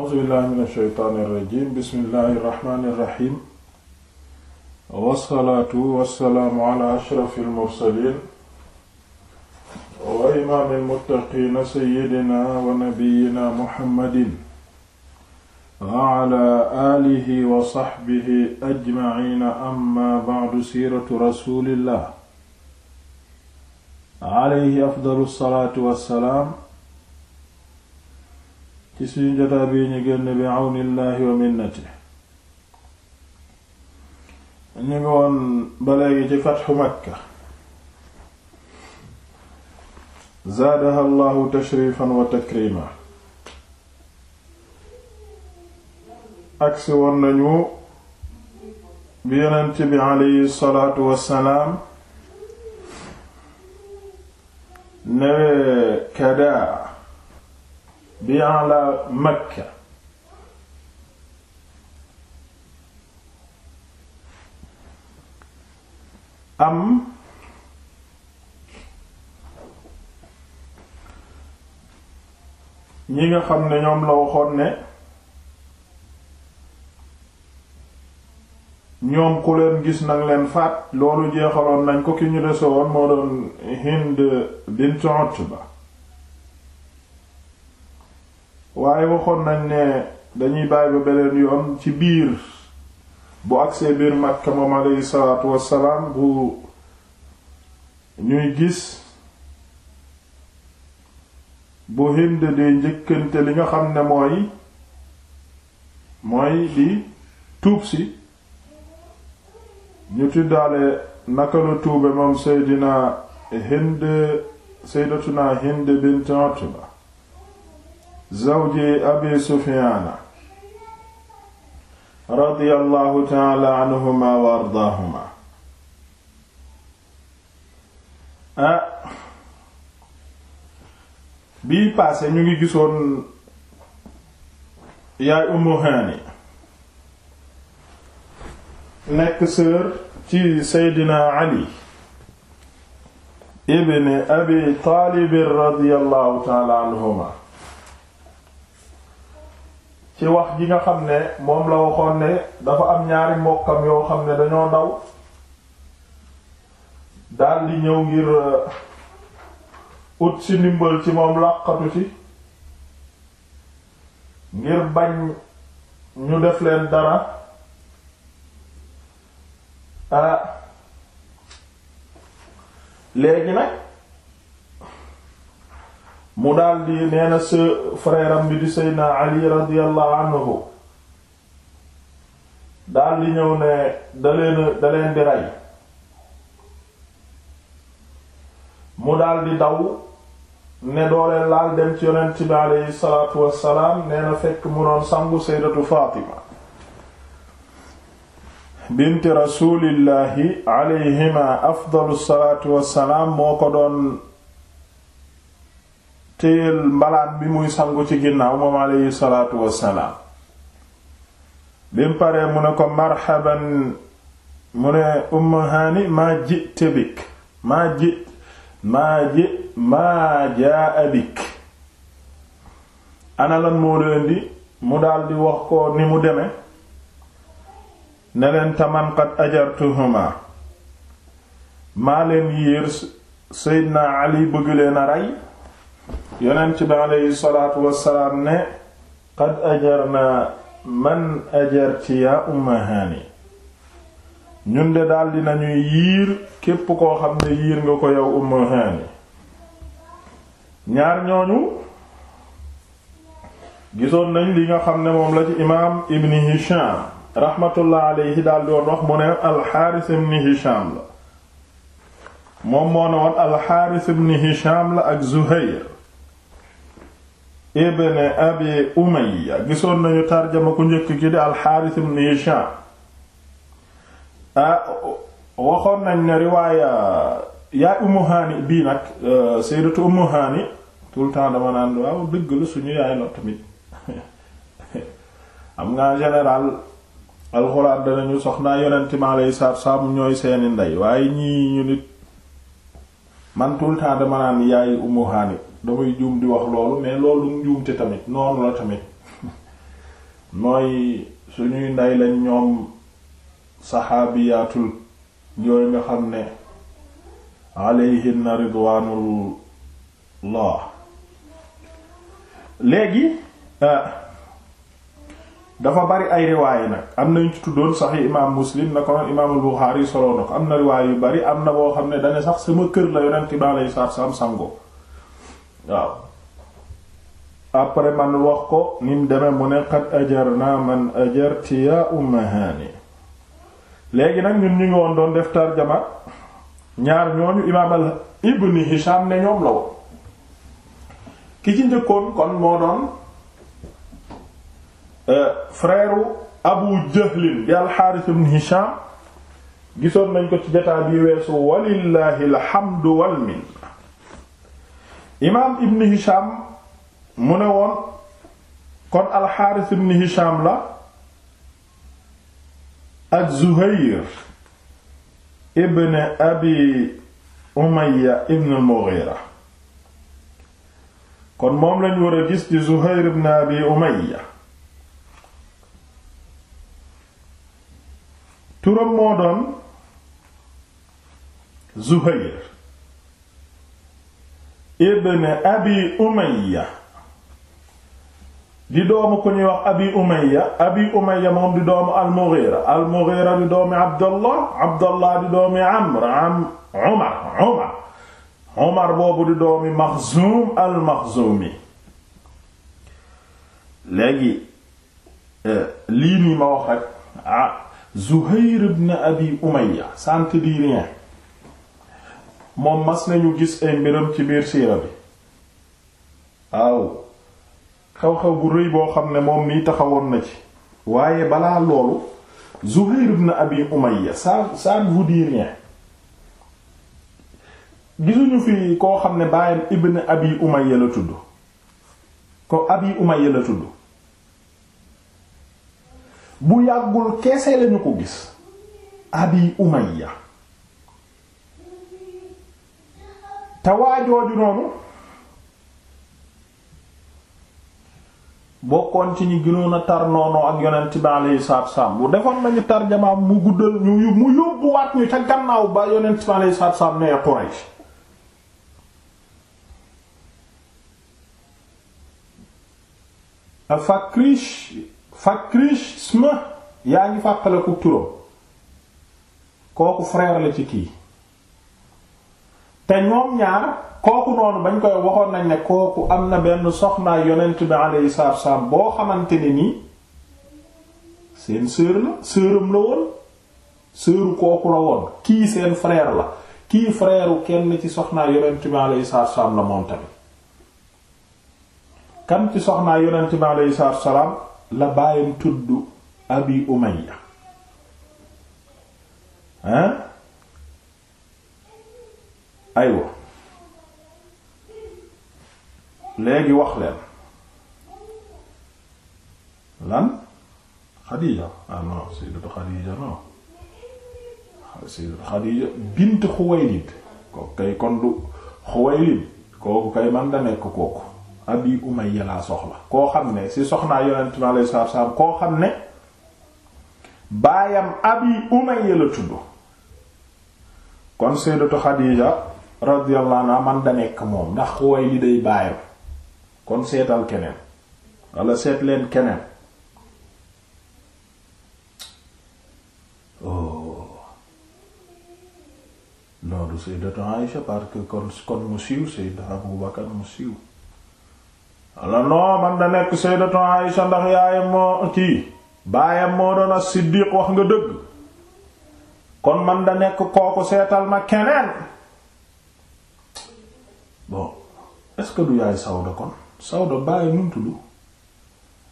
a'uuzu billahi min asheytaani irrajim bismillahi irrahmani irrahim wasalaatu wasalaamu ala ashrafi almursalin wa imaami almuttaqiina sayidina wa nabiyina muhammadin wa ala aalihi wa saxbihi ajmaciina amma bacdu siiratu rasulillah alayhi afdalu salaatu wassalaam ci suñu jotaa bii ñu génn bi àwnillaahi wa minnati ñu ngi woon ba léegi ci fatxu makka zaadaha allahu tashrifan wa takrima agsi woon nañu bi yonent bi aleyhi salaatu wassalaam newee kadaa bi ala Makka am ñi nga xam ne ñoom la waxoon ne ñoom ku leen gis nag leen faat loolu jeexaloon nañ ko ki ñu desewoon moo doon Hind bint Utba waaye waxoon nañ ne dañuy bàyyi ba beneen yoon ci biir bu agsee biir Makka moom aleyhi salaatu wassalaam bu ñuy gis bu Hind de njëkkante li nga xam ne mooy mooy di tuub si ñu tuddaale naka la tuube moom Seydina Hind Seydatuna Hind bint Utba zawji abi sufiaana radiyallahu taala anhuma wa ardaahuma ah bii paase ñu ngi gisoon yaay ummu haani nekk sœur ci seydina ali ibn abi taalib radiyallahu taala anhuma ci wax ji nga xam ne moom la waxoon ne dafa am ñaari mbokkam yoo xam ne dañoo daw daldi ñëw ngir uh, ut ci ndimbal ci moom làqatu ci ngir bañ ñu def leen dara ah léegi nag mu daldi nee na sa frère bi di seydna ali radiyallahu anhu daldi ñëw ne daleen daleen di rey mu daldi daw ne doolee laal dem ci yonent bi aleyhi salaatu wassalaam nee na fekk mu doon sangu seydatu faatima binti rasulillahi alayhima afdalu salaatu wassalaam moo ko doon téyel mbalaan bi muy sangu ci ginnaaw moom aleyhi salaatu wassalaam bi mu paree mu ne ko marhaban mu ne umm haani maa ji tebik maa ji maa ji maa jaa abik ana moo leen di mu daldi wax ko ni mu deme ne leen taman qad ajartuhuma maa leen yiir seydna ali bëgg leen a rey yonent bi aleyhi salaatu wassalaam ne qad ajarna man ajarti yaa umma haani ñun de daldi nañuy yiir képp koo xam ne yiir nga ko yow umma haani ñaar ñooñu gisoon nañ li nga xam ne moom la ci imaam ibn hisham rahmatullah aleyhi daldi wax mu ne alxaaris ibn hisham la moom moo ne woon alxaaris ibn hisham la ak zuhayr ibn abi umayya gisoon nañu tarjama ku njëkk ki di alxaaris ibn hisham ah, waxoon nañ ne riwaaya yaay ummu haani bii nag euh, sayyidatu ummu haani tout le temps dama naan waaw dëgg la suñu yaay la tamit am nga en général alxuraan danañu soxnaa yonent ma lay saab saab ñooy seeni ndey waaye ñii ñu nit man tout temps dama naan yaay ummu haani damay juum di wax loolu mais loolu njuumte tamit noonu la tamit mooy suñuy ndey lañ ñoom saxaabiyaatul yooyu nga xam ne alayhinna ridwaanullah léegi ah, dafa bari ay riwaay nag am na ñu ci tuddoon sax imaam muslim na ko noon imaamul buxaari solo na ko am na riwaay yu bari am na boo xam ne dane sax sama kër la yonent bi alayhi salaam sango waaw après man wax ko ni mu demee mu ne qad ajarna man ajarti ya umma hani léegi nag ñun ñu ngi woon doon def tarjama ñaar ñooñu imaam al ibn hisham ne ñoom la woon ki ci njëkkoon kon moo doon euh, frère abu jahlin bi al ibn hisham gisoon nañ ko ci jotaay bi weesu walillahi alhamdu wal min imaam ibn hisham mu ne woon kon alxaaris ibn hisham la ak zuhayr ibn abi umayya ibn al kon moom lañu war a gis ci zuhayr ibn abi umayya turam moo doon zuhayr ibn abi umayya di doomu ku ñuy wax abi umayya abi umayya moom di doomu al-mughira al-mughira di doomi abdallah abdallah di doomi amr am umar umar umar boobu di doomi maxzuum al-maxzuumi léegi eh, lii nii ma wax rek ah zuhayr ibn abi umayya ça ne dit rien moom mas nañu gis ay mbiram ci biir siira bi waaw xew-xew bu rëy boo xam ne moom nii taxawoon na ci waaye balaa loolu Zuhayr ibn Abi Umayya ça ça ne vous dit rien gisuñu fi koo xam ne baayam ibn Abi Umayya la tudd ko Abi Umayya la tudd bu yàggul keese lañu ko gis Abi Umayya te waajooju noonu bokkoon ci ñi gënoon a tar noonoo ak yonent bi alayhi salaatu wassalaam bu defoon nañu tarjamaam mu guddal ñu mu yóbbuwaat ñu ca gannaaw ba yonent bi alayhi salaatu wassalaam nee Quraysh fakrish fakrish yaa ngi fàqale ku turam kooku frère la ci kii te ñoom ñaar kooku noonu bañ koy waxoon nañ ne kooku am na benn soxnaa yonent bi alayhi salaatu wassalaam boo xamante ni nii seen sœur la sœuram la woon sœuru kooku la woon kii seen frère la kii frère kenn ci soxnaa yonent bi alayhi salaatu wassalaam la moom tamit kan ci soxnaa yonent bi alayhi salaatu wassalaam la bàyyam tudd Abi Umayya hein aywa léegi wax leen lan Xadiija ah non sayyidatu Xadiija non sayyidatu Xadiija bint Xuwaylid kooku kay kon du Xuwaylid kooku kay man da nekk kooku Abi Umayya laa soxla koo xam ne si soxnaa Yonent mi alayhi salaatu salaam koo xam ne baayam Abi Umayya la tudd kon sayyidatu Xadiija radiyallahu anhu man da nekk moom ndax xooy li day baayam kon seetal keneen wala seet leen keneen non oh. du Sayyidatu Aïcha parce que kon mu siiw Sayyidatu Abu Bakar mu siiw walla non man da nekk Sayyidatu Aïcha ndax yaayam moo kii baayam moo doon as-Siddiq wax nga dëgg kon man da nekk kooku seetal ma keneen bon est-ce que du yaay Sawda kon Sawda bàyyi nu mu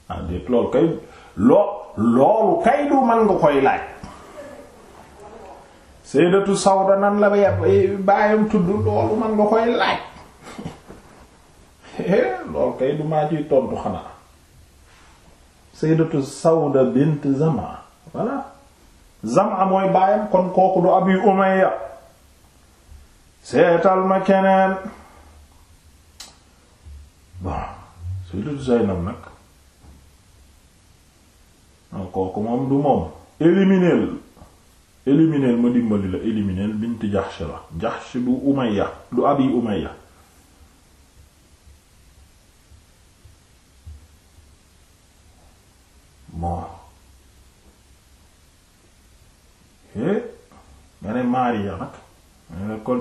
ah, loolu kay loolu kay du man nga koy laaj Sayyidatu Sawda nan la bàyyam tudd loolu man nga koy laaj eh, loolu kay du maa ciy tontu xanaa Sayyidatu Sawda bint Zama voilà Zama mooy bàyyam kon kooku du Abi Umayya seetal ma keneen bon Sayyidatu Zaynab nag non kooku moom du moom élimineel élimineel ma dimbali la élimineel bint Jahsh la Jahsh du Umayya du abi Umayya bon eh, nga ne Maariya nag nga ne kon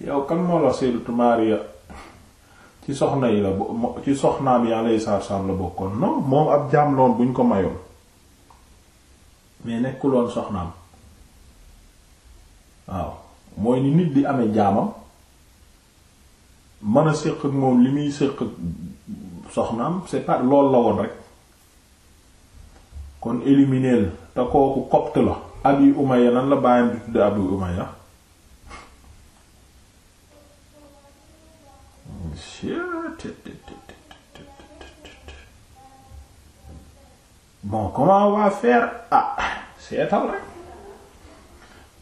yow kan moo la Sayyidatu Maariya ci ci soxnaam yi alayhi salaam la bokkoon non moom ab jaam loon buñ ko mayoon mais nekkuloon soxnaam waaw mooy ni nit di ame jaamam mën a séq ak moom li muy séq ak soxnaam c'est pas lool la woon rek kon élimineel te kooku copte la Abi Umayya nan la bàyyam di tudd Abi Umayya bon comment on va faire ah seetal rek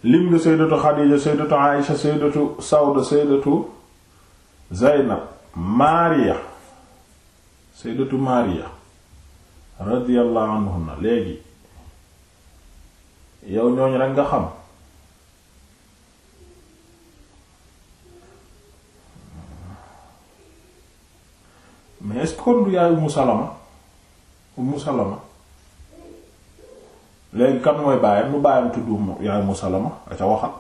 lim nga sayyidatu Xadiija sayyidatu Aïsha sayyidatu Sawda sayyidatu Zaynab Maariya sayyidatu Maariya radiyallahu anhunna léegi yow ñooñu rek nga xam mais est-ce que du yaay Umu Salama léegi kan mooy mu lu baayam tudd yaay Umm Salama a ca waxal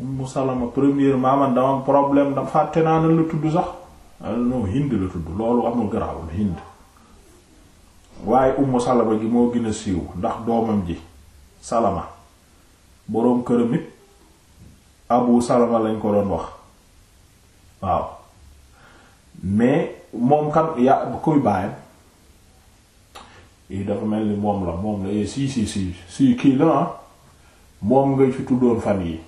Umm Salama premièrement man dama problème dama fàtte naa ne la tudd sax ah, non Hind loolu amul garaawul Hind waaye Umm Salama gi moo gën a siiw ndax doomam ji Salama boroom këram it Abu Salama lañ ko doon wax waaw mais moom kan yaa kuy baayam yi dafa mel ni moom la moom la eh, si si si si kii la ah. moom nga ci tuddoon fan yi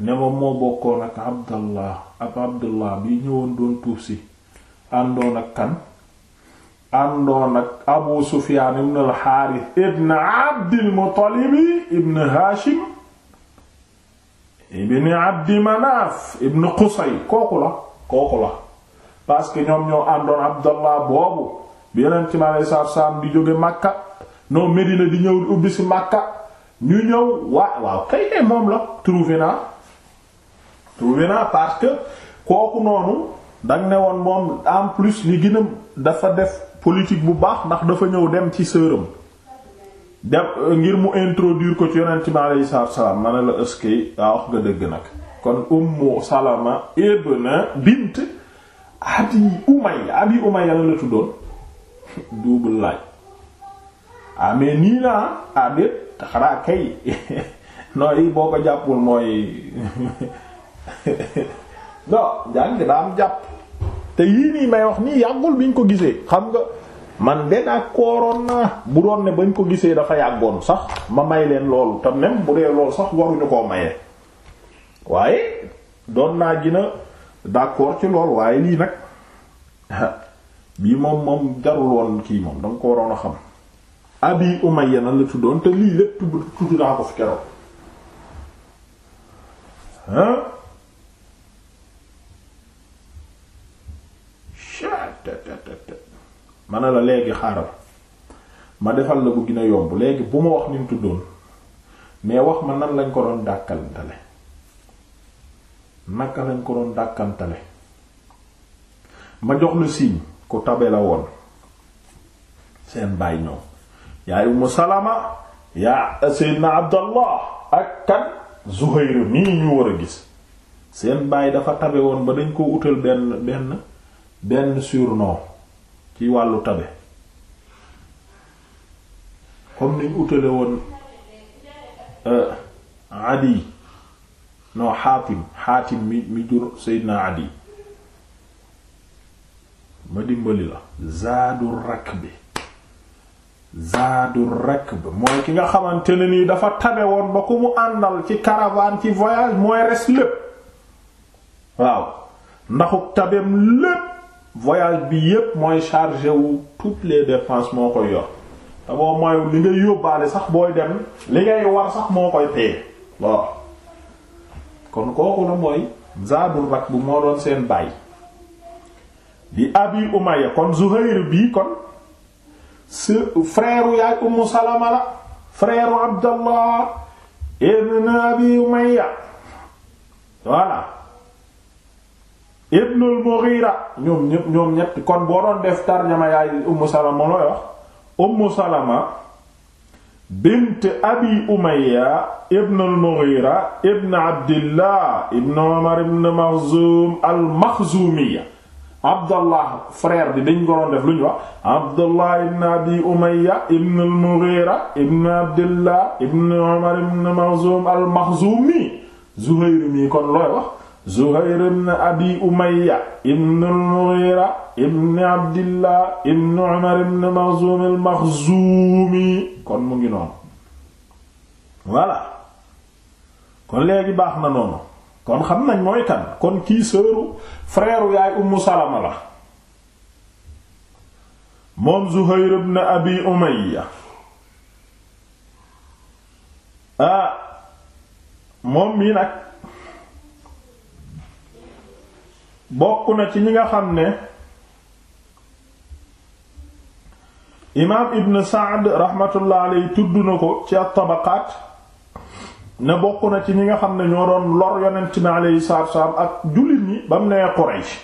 ne ma moo bokkoon ak abdallah ak abdallah bi ñëwoon doon tuub si àndoon ak kan àndoon ak abu sufiyaan ibn al ibn abdil ibn haashim ibn abdi ibn qusay kooku la kooku la parce ñoom ñoo àndoon abdallah boobu bi yonent mi aleyhi salaatu di jóge Makka non Medina di ñëw di ubbi si Makka ñu ñëw waaw waaw kay kay eh, moom la trouvé naa trouvé naa parce que kooku noonu danga ne woon moom en plus li gën dafa def politique bu baax ndax dafa ñëw dem ci sëram dem euh, ngir mu introduir ko ci yonent mi aleyhi salaatu salaam la ëskey daa ah, wax nga dëgg nag kon Ummu Salama ibn bint Abi Umayya Abi Umayya la la tuddoon double laaj ah mais nii naa ah xanaa kay nooy boo ko jàppul mooy non jàng daa am jàpp te yii nii may wax nii yàggul biñ ko gisee xam nga man de d'accordoon naa bu doon ne bañ ko gisee dafa yàggoon sax ma may leen loolu te même bu dee loolu sax waruñu koo maye waaye doon naa gina d'accord ci loolu waaye lii nag bii moom moom jarul kii moom danga ko waroon a xam abi umayya nan la tuddoon te lii lépp tudd naa ko fi keroog hein ma ne la léegi xaaral ma defal la bu gina a yomb léegi bu ma wax ni mu tuddoon mais wax ma nan lañ ko doon dàkkantale naka lañ ko doon dàkkantale ma jox la signe ku tabe la woon seen baay ñoom yaay Umm Salama yaa Seydina Abdallah ak kan Zuhayr nii ñu war a gis seen baay dafa tabe woon ba dañ ko utal benn benn benn surnom ci wàllu tabe comme niñ utale woon euh, Adi non Xaatim Xaatim mi mi jur Seydina Adi ma dimbali la zaadu rakb zaadu rakb mooy ki nga xamante ne nii dafa tabe woon ba ku mu àndal ci caravane ci voyage mooy res lépp waaw ndaxuk tabeem lépp voyage bi yépp mooy chargé wu toutes les dépenses moo koy yor te boo mooy li ngay yóbbaale sax booy dem li ngay war sax moo koy paye waaw kon kooku la mooy zaadu rakb moo doon seen bàyyi di abi umaya kon zuhayr bii kon si yaay ummu salama la frère abdallah ibn abi umaya voilà ibn al mughira ñoom ñépp kon boo doon def tarjama yaay ummu salama looy wax salama bint abi umaya ibn al mughira ibn abdillah ibn umar ibn maxzum al maxzumiya Abdallah frère bi dañ ko doon def lu ñu wax Abdallah ibn Abi Umayya ibn al-Mughira ibn Abdillah ibn Umar ibn Makhzum al-Makhzumi Zuhayr mi kon looy wax Zuhayr ibn Abi Umayya ibn al-Mughira ibn Abdillah ibn Umar ibn Makhzum al-Makhzumi kon mu ngi noonu voilà kon léegi baax na noonu moom xam nañ mooy kan kon kii sœuru frère yaay ummu salama la moom zuhayr ibn abi umayya ah moom mii nag bokk na ci ñi nga xam ne imaam ibn saad rahmatullah tudd na ko ci at-tabaqaat ne bokk na ci ñi nga xam ne ñoo doon lor yonent bi alayhi salaatu salaam ak jullit ñi ba mu nee Quraysh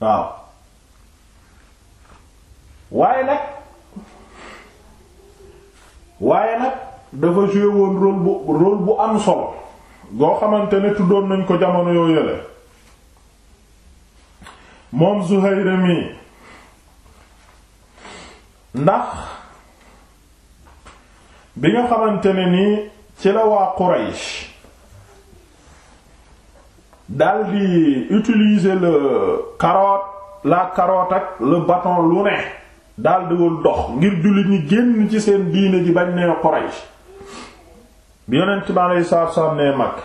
waaw waaye nag waaye nag dafa joué woon rôle bu rôle bu am solo goo xamante ne tuddoon nañ ko jamono yoo yële moom Zuhayr mi ndax bi nga xamante ne nii ci la waa Quraysh daldi utiliser le carotte la carotte ak le bâton lu ne daldi dox ngir jullit ñi génn ci seen diine ji bañ nee Quraysh bi yonent bi aleyhi salaatu salaam mag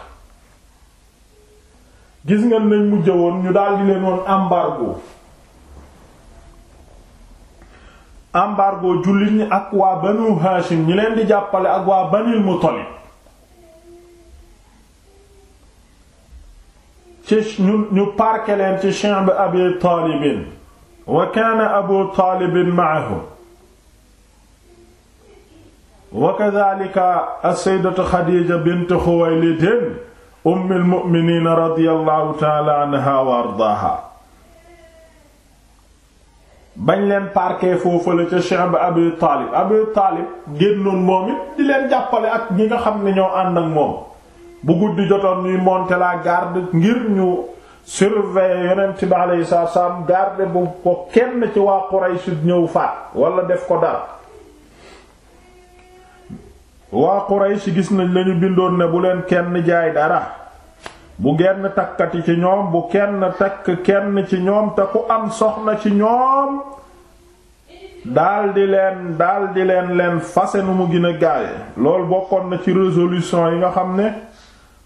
gis nga nañ mujj woon ñu daldi leen woon embargo embargo jullit ñi ak waa Banu Hashim ñi leen di jàppale ak waa Banil Muttalib ci ñu ñu parke ci shi'b abi taalibin wa kaana abu taalibin ma'ahu wa kadhalika as-sayyidatu xadiija bint xuwaylidin ummil mu'miniin radiyallahu ta'ala anha wa ardaaha bañ leen parqué foofu la ca Cheikh Abi Taalib Abi Taalib génnoon moom it di leen jàppale ak ñi nga xam ne ñoo ànd ak bu guddi jotoon ñuy monter la garde ngir ñu surveiller yonent bi alayhi salaatu salaam garde bu ko kenn ci waa Quraysh ñëw faat wala def ko dara waa Quraysh gis nañ lañu bindoon ne bu leen kenn jaay dara bu genn takkati ci ñoom bu kenn takk kenn ci ñoom te ku am soxna ci ñoom daldi leen daldi leen leen fase nu mu gën a gaawe loolu bokkoon na ci résolution yi nga xam ne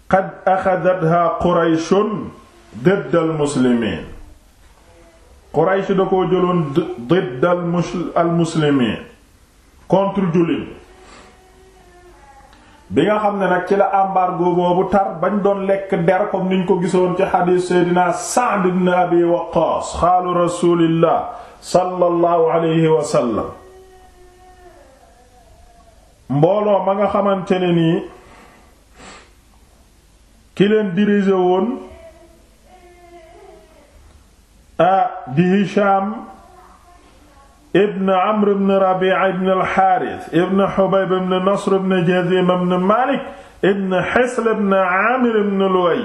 qad axadatha qurayshun didd al muslimiin quraysh da koo jëloon didd al muslimiin contre jullit bi nga xam ne nag ci la embargo boobu tar bañ doon lekk der comme niñ ko gisoon ci xadiis seydina Sa'd ibn Abi Waqqaas xaalu rasuulillah sallallahu alayhi wa mbooloo ma nga xamante nii ki leen dirigé woon a di Hisham ibn Amr ibn Rabi'a ibn al-Harith ibn Hubayb Nasr ibn Jazim ibn Malik ibn Hisl ibn Amir ibn Luway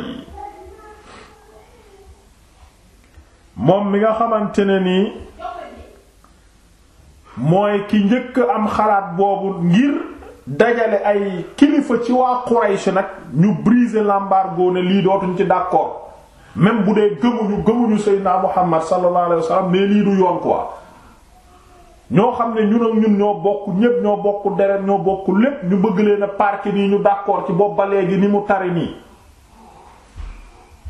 moom mi nga xamante ne nii mooy ki njëkk am xalaat boobu ngir dajale ay kilifa ci waa Quraysh nag ñu briser l'embargo ne lii dootuñ ci d'accord même bu dee gëmuñu gëmuñu Seydina Muhammad sallallahu alayhi wa lii du yoon quoi ñoo xam ne ñun ak ñun ñoo bokk ñépp ñoo bokk deret ñoo bokk lépp ñu bëgg leen a parquer nii ñu d'accord ci bopp ba léegi ni mu tari nii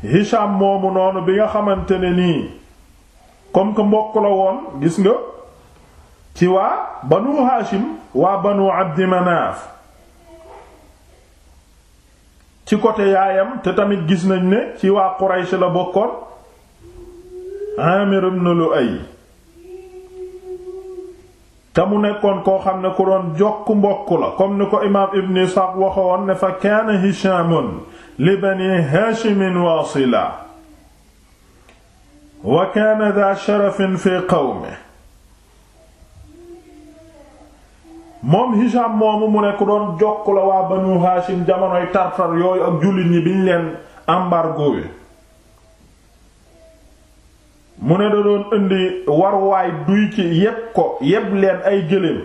Hisham moomu noonu bi nga xamante ne nii comme que mbokk la woon gis nga ci waa banu haashim waa banu abdi manaaf ci côté yaayam te tamit gis nañ ne ci waa quraysh la bokkoon amir ibn lu'ay te mu nekkoon koo xam ne ku doon jokk mbokk la comme ni ko imaam ibn isxaaq waxoon ne fa kaana hishaamun li bani haashimin waasila wa kaana daa sharafin fi qawmihi moom Hisham moomu mu ne ku doon jokk la waa Banu Hashim jamonoy tartar yooyu ak jullit ñi biñ leen embargo mu ne da doon indi warwaay duy ci yépp ko yépp leen ay gëléem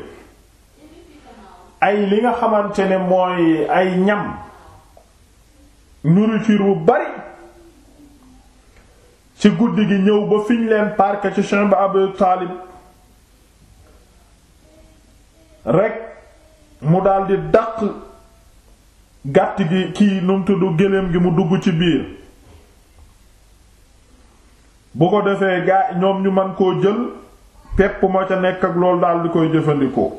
ay li nga xamante ne mooy ay ñam nourriture bu bari ci guddi gi ñëw ba fiñ leen park ci chambre Abu Talib rek mu daldi dàq gàtt gi kii num tudd gëléem gi mu dugg ci biir bu ko defee gaa ñoom ñu man koo jël pepp moo ca nekk ak loolu daldi koy jëfandikoo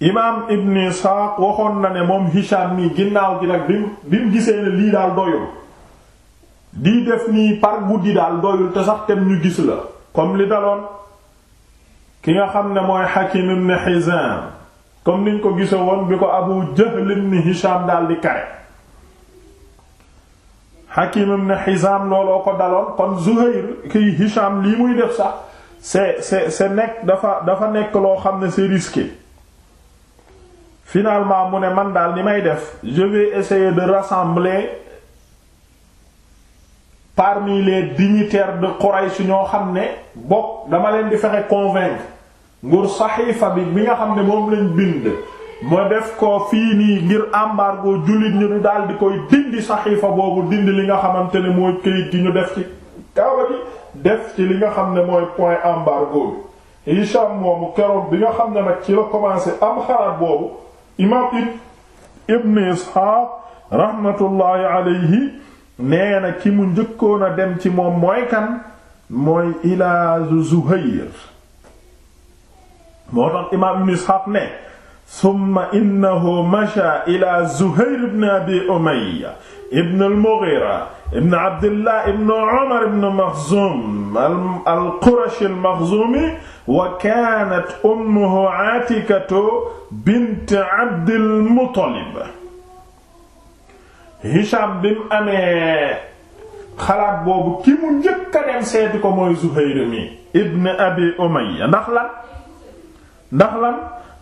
imaam ibn Isaaq waxoon na ne moom Hisham nii ginnaaw gi nag bi bim gisee ne lii daal doyul di def nii par guddi daal doyul te sax tem ñu gis la comme li daloon ki nga xam ne mooy Hakim ibn Hizam comme niñ ko gise woon bi ko Abu Jahl ibn Hisham daal di kare Hakim ibn Hizam looloo ko daloon kon Zuhayr kiy Hisham lii muy def sax c'est c'est nekk dafa dafa nekk loo xam ne c'est risqué finalement mu ne man daal ni may def je vais essayer de rassembler parmi les dignitaires de si ñoo xam ne bokk dama leen di fexe convaincre nguur saxiifa bi bi nga xam ne moom lañ bind ma def ko fii nii ngir embargo jullit ñu du daal di koy dindi saxiifa boobu dindi li nga xamante ne mooy këyit di ñu def ci kaaba gi def ci li nga xam ne mooy point embargo bi Hisham moomu keroog bi nga xam ne nag ci la commencé am xalaat boobu imam ibn Ishaq rahmatullahi alayhi nee na ki mu njëkkoon a dem ci moom mooy kan mooy ilaa Zuhayr moo tax imaam ibn Isxaaq ne summa innahu masha ila Zuhayr ibn Abi Umayya ibn al-Mughira ibn Abdillah ibn Umar ibn Maxzum al-Qurashi al-Maxzumi wa kaanat ummuhu Aatikatu bint Abdil Muttalib Hisham bi mu amee xalaat boobu ki mu njëkk a dem seeti ko mooy Zuhayr mi ibn Abi Umayya ndax la ndax lan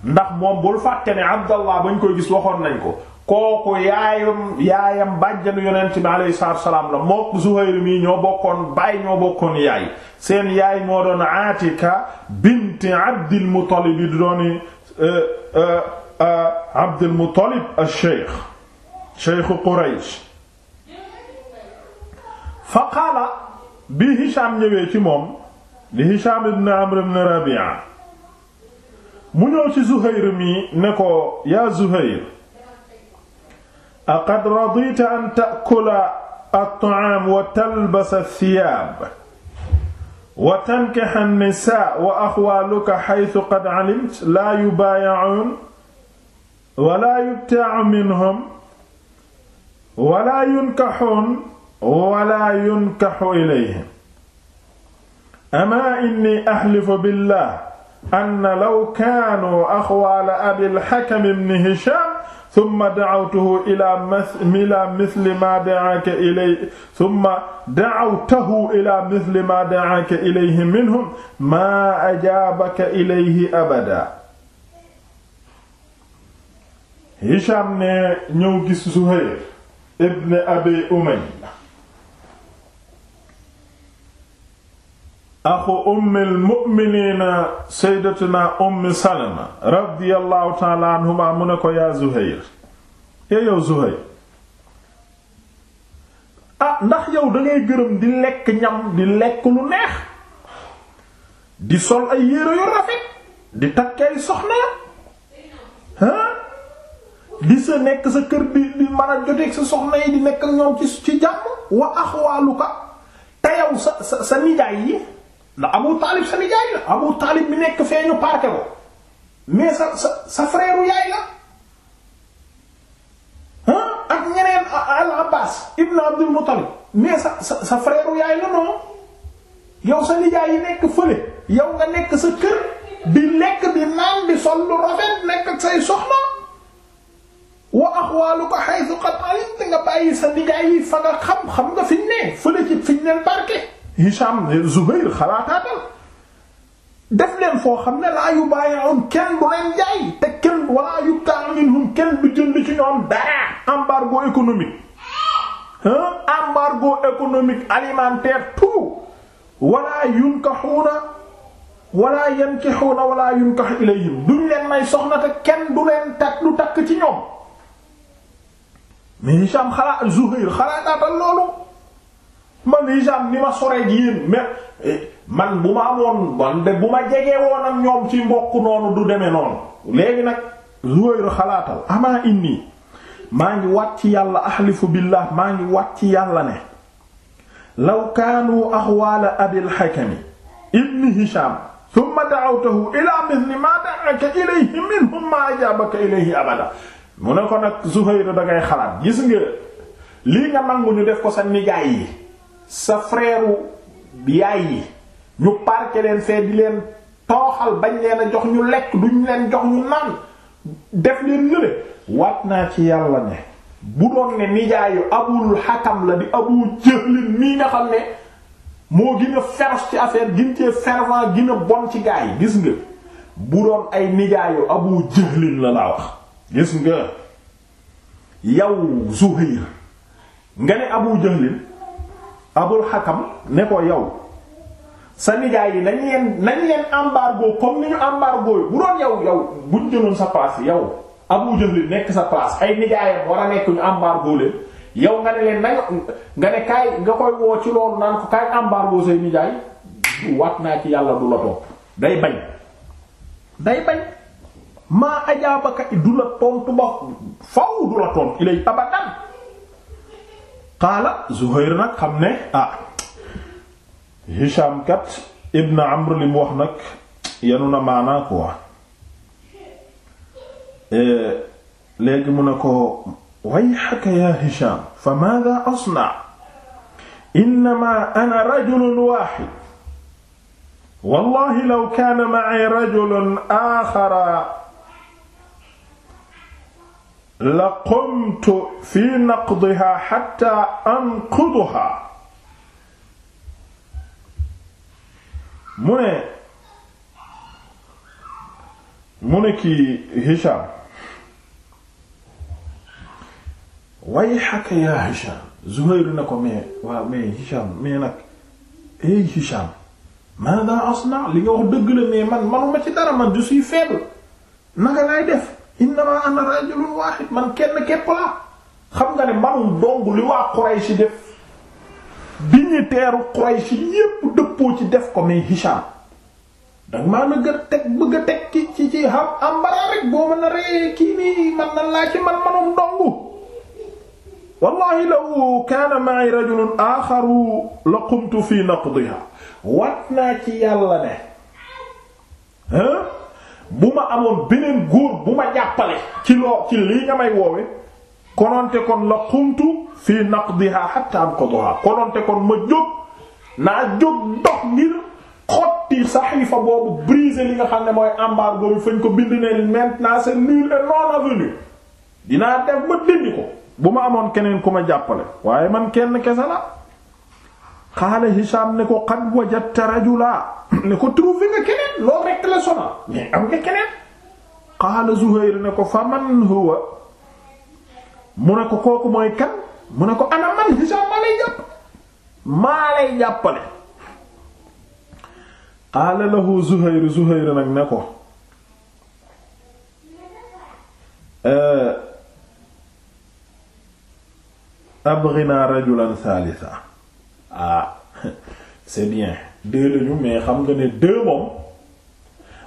ndax moom bul fàtte ne abdallah bañ gis waxoon nañ ko kooku yaayam yaayam bàjjanu yonent bi alayhi salaatu la mook Zuhayr mi ñoo bokkoon baay ñoo bokkoon yaay seen yaay moo doon Aatika bint Abdil Muttalib di dooni eh, eh, eh, Abdil Muttalib ash-Shaykh Shaykh Quraysh fa bi Hisham ñëwee ci moom li Hisham ibn Amr ibn Rabi'a mu ñëw ci Zuhayr mi ne ko yaa Zuhayr aqad radita an ta'kula at-ta'am wa talbasa ath-thiyaab wa tankiha an-nisaa wa axwaaluka haythu qad alimt laa yubaayi'uun wa laa yubtaa'u minhum wa laa yunkahuun wa laa yunkahu ilayhim amaa inni ahlifu billah anna law kaanu axwaala abil hakam ibn hisham summa dacawtuhu ila misli ma dacaaka ilay summa dacawtahu ila misli ma dacaaka ilayhi minhum maa ajaabaka ilayhi abada hisham ne ñëw gis zuhayr ibn abi umayya axu ummil mu'miniina sayyidatuna ummi salama radiyallahu ta'ala anhuma mu ne ko yaa zuhayr ee yow zuhayr ah ndax yow dangay gërëm di lekk ñam di lekk lu neex di sol ay yére yu rafet di takkay soxna ah di sa nekk sa kër bi di mën a joteeg sa soxna yi di nekk ñoom ci ci jàmm wa axwaaluka te yow sa sa sa nijaay yi la Abu Taalib sa nijaay la Abu Taalib mi nekk feeñu parke ko mais sa sa sa frère yaay la ah ak ñeneen al Abbas ibn Abdul Muttalib mais sa sa sa frère yaay la non yow sa nijaay yi nekk fële yow nga nekk sa kër di lekk di naan di sol lu rafet nekk ak say soxna wa axwaaluka haythu qad alimta nga bàyyi sa nijaay yi fa nga xam xam nga fiñ ne fële ci parke Hisham Zubayr xalaataatal def leen foo xam ne laa yu bàyyiwoon kenn du leen jaay te kenn wala yu taaminhum kenn du jënd ci ñoom dara. embargo économique ah embargo économique alimentaire tout wala yunkahuuna wala yankihuuna wala yunkahu ilayhim duñ leen may soxna te kenn du leen takk du takk ci ñoom mais Hisham xalaat Zubayr xalaataatal loolu. man Hicham ni ma soree ji yéen eh, man bu ma amoon man de bu ma jegee woon ak ñoom ci mbokk noonu du demee noonu léegi nag Zuhayr xalaatal amaa inni maa ngi wat ci yàlla ahlifu billah maa ngi wat ci yàlla ne law kaanu axwaala abil hakami ibni Hicham thumma da'awtahu ilaa mithli maa da'aka ilayhi minhum maa ajaabaka ilayhi abada mu ne ko nag Zuhayr dangay xalaat gis nga lii nga nangu ñu def ko sa nijaay yi sa frère yaay yi ñu parqué leen fee di leen tooxal bañ leen a jox ñu lekk duñ leen jox ñu naan def leen nële waat naa ci yàlla ne bu doon ne nijaayu abul hakam la di abu jëlin mii nga xam ne moo gën a ci affaire gin cee fervent gën a bon ci gaa yi gis nga bu doon ay nijaayu abu jëlin la laa wax gis nga yow Zuhayr nga ne abu jëlin abul xakam ne ko yow sa nijaay yi nañ leen nañ leen embargo comme ni ñu embargo yi bu doon yow yow buñ jëloon sa place yow Abu Jahl nekk sa place ay nijaayam war a nekk ñu embargo leen yow nga ne leen nañ nga ne kaay nga koy woo ci loolu naan ko kaay embargo say nijaay waat naa ci yàlla du la topp day bañ day bañ maa ajaabaka du la tontu ba faw du la tontu ilay abadan qaala Zuhayr nag xam ne ah Hisham kat ibn Amr li mu wax nag yanu na maanaa quoi eh, léegi mu ne ko wayhaka ya Hisham fa maadha asna innama ana rajulun wahid wallahi law kana ma'i rajulun akhar la qumtu fi naqdiha hatta anquduha mu ne mu ne kii Hisham way xaka yaa Hisham Zuhayr na ko mais waaw mais Hisham mais nag ey Hisham maada asna li nga wax dëgg la mais man manuma ci dara man je suis faible naka lay def innama ana rajulun wahid man kenn képp laa xam nga ne manum dong li waa Quraysh def dignitaire Quraysh yépp dëppoo ci def ko mais Hisham danga maa na teg bëgg a teg ci ci ci am ambara rek boo mën a reyee kii nii man nan laa ci man manum dong wallahi law kaana ma'i rajulun akharu la qumtu fi naqdiha wat ci yàlla ne hein bu ma amoon beneen góor bu ma jàppale ci loo ci lii nga may woowe kononte kon la xumtu fii naq naqdiha hatta anqadha kononte kon ma jóg naa jóg dox ngir xotti saxiifa boobu briser li nga xam ne mooy embargo bi fañ ko bind ne maintenant c'est nul et non avenu dinaa def ba dindi ko bu ma amoon keneen ku ma jàppale waaye man kenn kese la xaala Hisham ne ko qad wajadta rajula ne ko trouvé nga keneen loolu rekk la sona mais am nga keneen xaala Zuhayr ne ko fa man huwa mu ne ko kooku mooy kan mu ne ko ana man Hisham maa lay jàppale xaala lahu Zuhayr nag ne ko abghina rajulan thalitha ah c'est bien deux lañu mais xam nga ne deux moom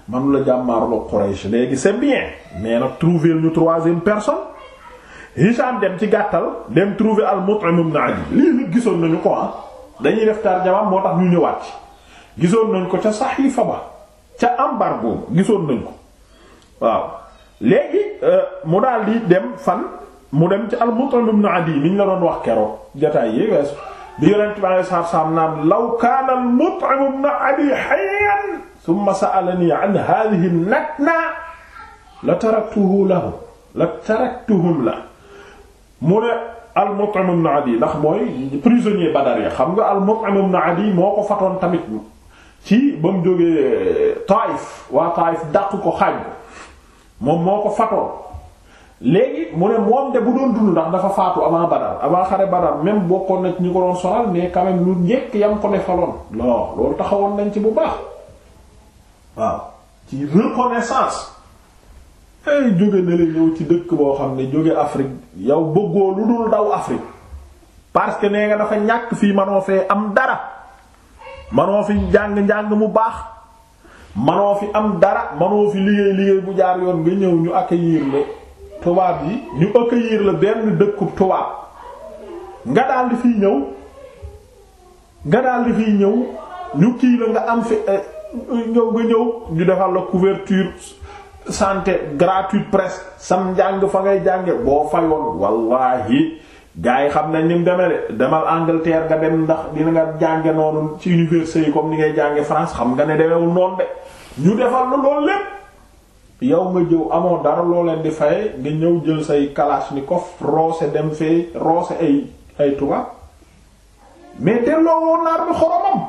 man la jàmmaarloo Quraysh léegi c'est bien mais nag trouver ñu troisième personne Hisham dem ci gàttal dem trouve al-Mut'im ibn Adi lii nit gisoon nañu ko ah. dañuy def tarjamaam moo tax ñu ñëwaat ci gisoon nañ ko ca saxiifa ba ca ambar boobu gisoon nañ ko waaw léegi euh, mu daal di dem fan mu dem ci al-Mut'im ibn Adi mi ñu la doon wax keroog jotaay yi weesu. bi yonent bi alayhi salaatu salaam naan law kaana al-Mut'im ibn Abi hayyan thumma sa'alanii an haadhihi an-natna la taraktuhu lahu la taraktuhum lahu mu ne al-Mut'im ibn Adi ndax mooy prisonnier Badar ya xam nga al-Mut'im ibn Adi moo ko fatoon tamit ci ba mu jógee Taïf waa Taïf dàq ko xaaj moom moo ko fatoon léegi mu ne moom de bu doon dund ndax dafa faatu avant Badar avant xare Badar même bokkoon na ñu ko doon sonal mais quand même lu njëkk yam ko defaloon non loolu taxawoon nañ ci bu baax waaw ci reconnaissance ay jóge na ñëw ci dëkk boo xam ne jóge Afrique yow bëggoo lu dul daw Afrique parce que nee nga dafa ñàkk fii manoo fee am dara manoo fi njàng-njàng mu baax manoo fi am dara manoo fi liggéey liggéey bu jaar yoon nga ñëw ñu accueillir le tubaab yi ñu accueillir la benn dëkku tubaab nga daal fiy ñëw nga daal di fiy ñëw ñu kii la nga am fi eh, ñëw nga ñëw ñu defal la couverture santé gratuite presque sam njàng fa ngay jànge boo fayoon wallaahi gars yi xam nañ ni mu de demal Angleterre nga dem ndax dina nga jànge noonu ci université yi comme ni ngay jànge France xam nga ne demeewul noonu de ñu defal la loolu lépp. yow nga jëw amoo dara loo leen di faye nga ñëw jël say kalachnikov roose dem fee roose ay ay tubaab mais delloo woon naar bi xoromam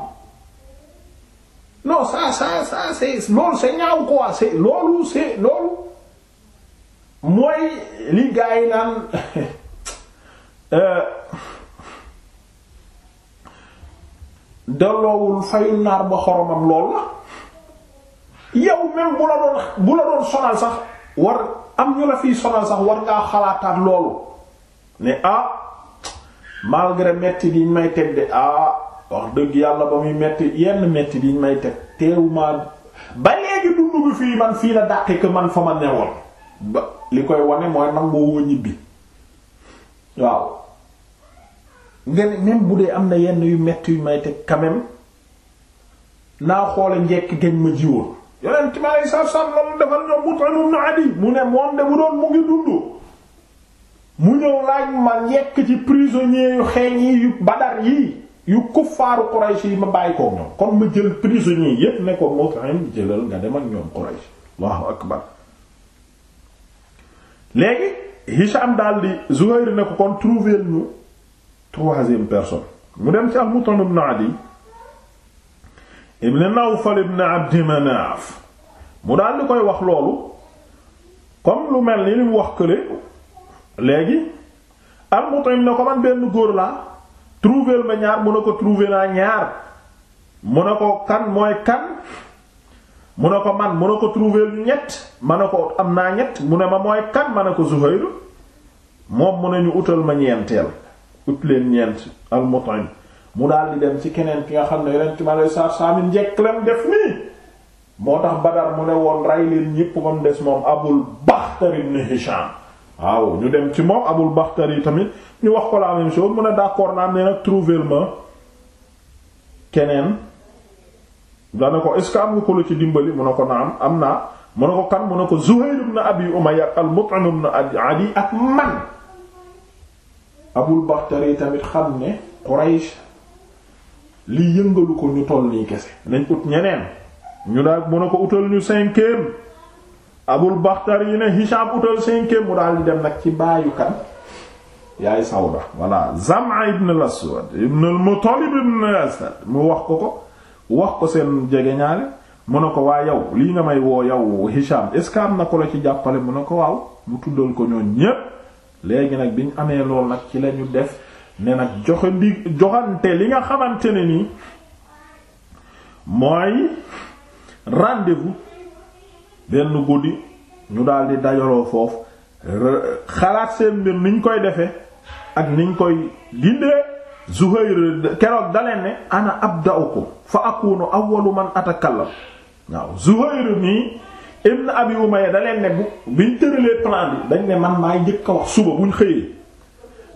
non ça ça ça c'est loolu c'est ñaaw quoi c'est loolu c'est loolu mooy li gaa yi naan euh, delloowul fayul naar ba xoromam loolu la yow même bu la doon bu la doon sonal sax war am ñu la fiy sonal sax war ngaa xalaataat loolu ne ah malgré metti diñ may teg de ah wax dëgg yàlla ba muy metti yenn metti diñ may teg teewuma ba léegi dundu bi fii man fii la dàqe que man fa ma newoon ba li koy wane mooy nangoo woo ñibbi waaw nga ne bu dee am na yenn yu metti yu may teg quand naa xoole njekk gañ ma jiwoon yeneen ci ma saaf saaf la mu defal ñoom Mut'im ibn Adiy mu ne moom de doon mu ngi dund mu ñëw laaj ma yekk ci prisonnier yu xeeñ yi yu Badar yi yu kuffaaru Quraysh yi ma bàyyi koog ñoom kon ma jël prisonnier yépp ne ko Mut'im jëlal nga dem ak ñoom Quraysh Allahu akbar léegi Hisham daldi Zuhayr ne ko kon trouver ñu troisième personne mu dem ci al Mut'im ibn Adiy ibn Nawfal ibn Abdi Manaaf mu daal di koy wax loolu comme lu mel ni li mu wax kële léegi al Mut'im ko man benn góor la trouver ma ñaar mu ne ko trouver naa ñaar mu ne ko kan mooy kan mu ne ko man mu ne ko trouver ñett ma ne ko am naa ñett mu ne ma mooy kan ma ne ko Zuhayr moom mu ne ñu utal ma ñeenteel ut leen ñeent al Mut'im mu daal di dem ci keneen ki nga xam ne yeneen ci ma lay saa saa mi njëkk leen def nii moo tax Badar mu ne woon rey leen ñépp moom des moom Abul Baxtar ñu dem ci moom Abul Baxtar yi tamit ñu wax ko la même chose mu a d'accord naa ne nag trouver ma keneen dana ko est-ce que am nga ko ci dimbali mu ne ko naan am naa mu ne ko kan mu ne ko Zuhayr ibn Abi Umayya al-Mut'im ibn Adi ak man Abul Baxtar yi tamit xam ne Quraysh li yëngalu ko ñu toll nii kese nañ ut ñeneen ñu daal mën a ko utal ñu cinquième abul baxtar yi ne hisham utal cinquième mu daal di dem nag ci baayu kan yaay sawda voilà zam'a ibn al ibn al mu wax ko ko wax ko seen jege ñaale mu ne ko waaye yow lii nga may woo yow hisham est ce que na ko la ci jàppale mu ne ko waaw mu tuddal ko ñoon ñépp léegi nag biñ amee lool nag ci lañu def ne nag joxe ndig joxante li nga xamante ne nii mooy rendez benn guddi ñu daldi dajaloo foofu xalaat seen mbir niñ koy defe ak niñ koy dindee Zuhayr keroog daleen ne ana abda'ukum fa akunu awwalu man atakallam waaw Zuhayr nii ibn Abi Umayya daleen ne bu biñ tëralee plan bi dañ ne man maay njëkk a wax suba buñ xëyee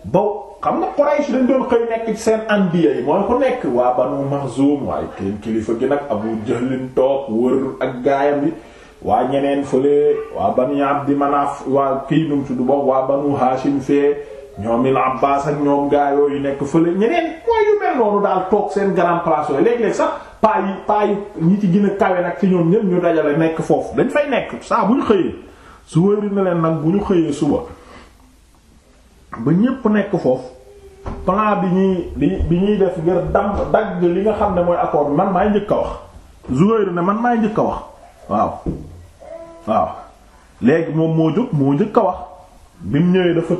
baw xam na Quraysh dañ doon xëy nekk seen anbiya yi mooy ko nekk waa Banu Maxzum waaye kenn kilifa gi nag Abu Jahlin toog wër ak gaayam bi waa ñeneen fële waa Banu Abdi Manaf waa kii num tudd boobu waa Banu Hashim fee ñoom il Abbas ak ñoom gaayoo yu nekk fële ñeneen mooy yu mel noonu daal toog seen grand place yooyu léeg-léeg sax paa yi paa yi ñi ci gën a kawe nag ci ñoom ñëpp ñu dajale nekk foofu dañ fay nekk saa bu ñu xëyee su wëri na leen nag bu ñu xëyee suba ba ñépp nekk foofu plan bi ñuy bi ñuy def ngir dam dagg li nga xam ne mooy accord man maay njëkk a wax Zuhayr ne man maay njëkk a wax waaw waaw léegi moom moo jóg moo njëkk a wax bi mu ñëwee dafa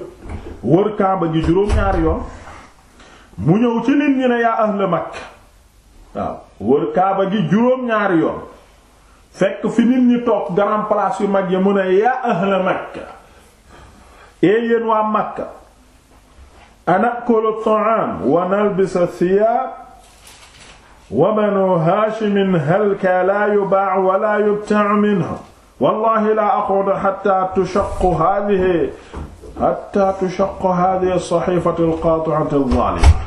wër Kaaba gi juróom-ñaari yoon mu ñëw ci nit ñi ne yaa ahla Makka waaw wër Kaaba gi juróom-ñaari yoon fekk fi nit ñi toog grand place yu mag yi mu ne yaa ahla Makka ee eh waa Makka anakulu at-ta'am wa nalbisu ath-thiyaab wa banu haashimin halka laa yubaacu wa laa yubta'u minhu wallaahi laa aquudu hattaa tushaqqu haadhihi hattaa tushaqqu haadhihi as-sahiifatu al-qaati'atu adh-dhaalima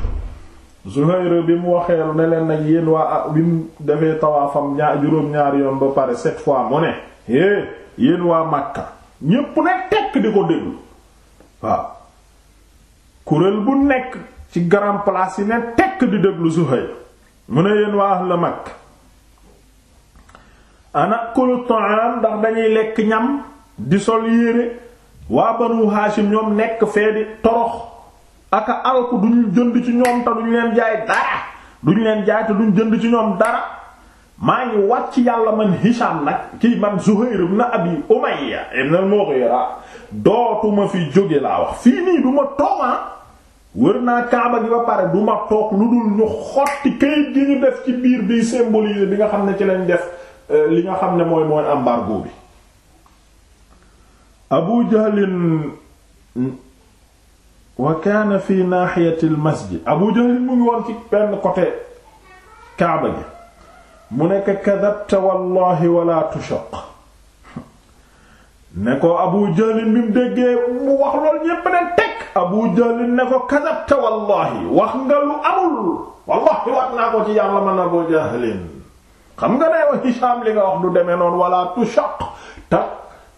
Zuhayr bi mu waxee ne leen nag yéen waa bi mu defee tawaafam ñaar juróom-ñaari yoon ba pare sept fois mu ne. yéen waa Makka ñépp ne tekk di ko déglu waaw. kuréel bu nekk ci grand place yi ne tekk di déglu Zuhayr mu ne yéen waa ahla Makka anakulu ta'am ndax dañuy lekk ñam di sol yére waa Banu Haashim ñoom nekk fee di torox aka alku duñu jënd ci ñoom te duñu leen jaay dara duñu leen jaay te duñu jënd ci ñoom dara maa ngi wat ci yàlla man Hisham nag kii man Zuhayr ibn Abi Umayya ibn al-Mughira dootuma fi jóge laa wax fii nii duma tooma ah. wër naa kaaba gi ba pare du ma toog lu dul ñu xotti kayit gi ñu def ci biir bi symboliser bi nga xam ne ci lañ def euh, li nga xam ne mooy mooy embargo bi abu jahlin wa fi naaxiyati al masjid abu jahlin mu ngi ci benn côté kaaba gi mu nekk kadabta wallahi wala tushaq ne ko abu jalin bi mu déggee mu wax lool ñépp ne teg abu jalin ne ko kadabta wallahi wax nga lu amul wallahi wax naa ko ci yàlla man abu jalin xam nga ne wa Hisham li nga wax du demee noonu wala tushaq te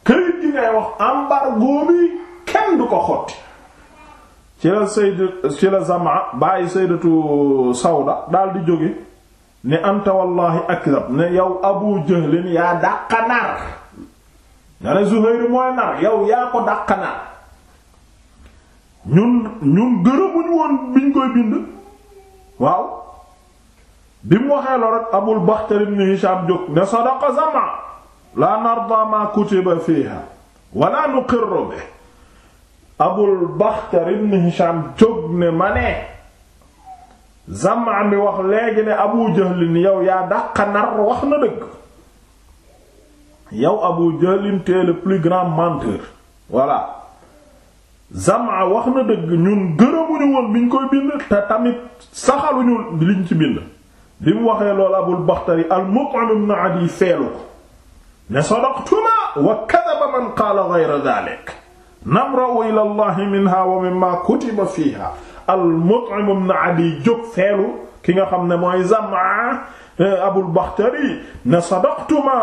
këyit gi ngay wax embargo bi kenn du ko xotti ci la sayyidu ci la Zam'a bàyyi sayyidatu Sawda daal di jóge ne anta wallahi akdab ne yow abu jalin yaa dàqanaar nga ne Zuhayr mooy nar yow yaa ko dàq nar ñun ñun gërëmuñu woon biñ koy bind waaw bi mu waxee loolu rek Abul Bakhtari ibn Hisham jóg ne sadaqa Zama la narda ma kutiba fiha wala nuqirru bi Abul Bakhtari ibn jóg ne ma ne Zama mi wax léegi ne Abu Jahl yow yaa dàq nar wax na dëgg yow Abu Jahl t'es le plus grand menteur voilà Zam'a wax na dëgg ñun gërëmuñu woon biñ koy bind te tamit saxaluñu liñ ci bind bi mu waxee lool abu Bakhtari al-Mut'im ibn Adi feelu ko ne sadaqtuma wa kadhaba man qaala ghayra dhalik namra'u ila Allah minha wa mimma kutiba fiha al-Mut'im ibn Adi jóg feelu ki nga xam ne mooy Zam'a eh, Abul Bakhtari ne sadaqtuma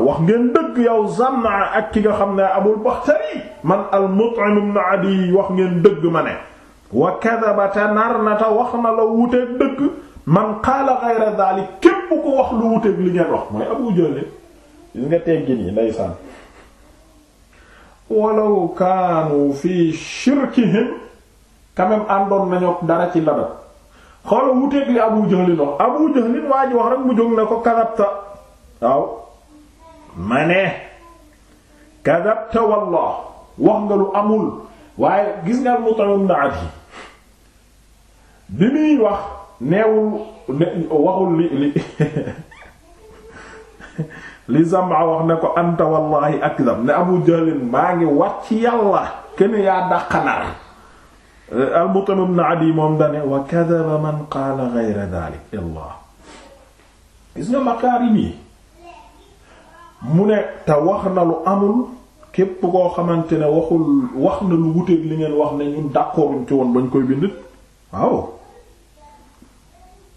wax ngeen dëgg yow Zam'a ak ki nga xam ne Abul Bakhtari man al-Mut'im ibn wax ngeen dëgg ma ne wa kadhabata nar na ta wax na la dëgg man ko wax lu wuteeg li ngeen wax mooy Abu Jahl gis nga teggin yi ndeysaan walaw kaanu fi shirkihim quand même àndoon dara ci ladab xoola wuteeg li Abu Jahlin Abu Jahlin waa ji wax rek mu jóg na ko kadabta waaw ma kadabta wallah wax nga lu amul waaye gis nga Mut'im ibn Adi bi muy wax neewul waxul li li li Zam'a wax ne ko anta wallahi akdab ne Abu Jahlin maa ngi wax ci kenn yaa dàqanar al-Mut'im Adi moom dane wa kadhaba man qaala ghayra dhalik allah gis nga makaarim yi mu ne te wax na lu amul képp koo xamante ne waxul wax na lu wuteeg li ngeen wax ne ñun d'accorduñ ci woon bañ koy bind waaw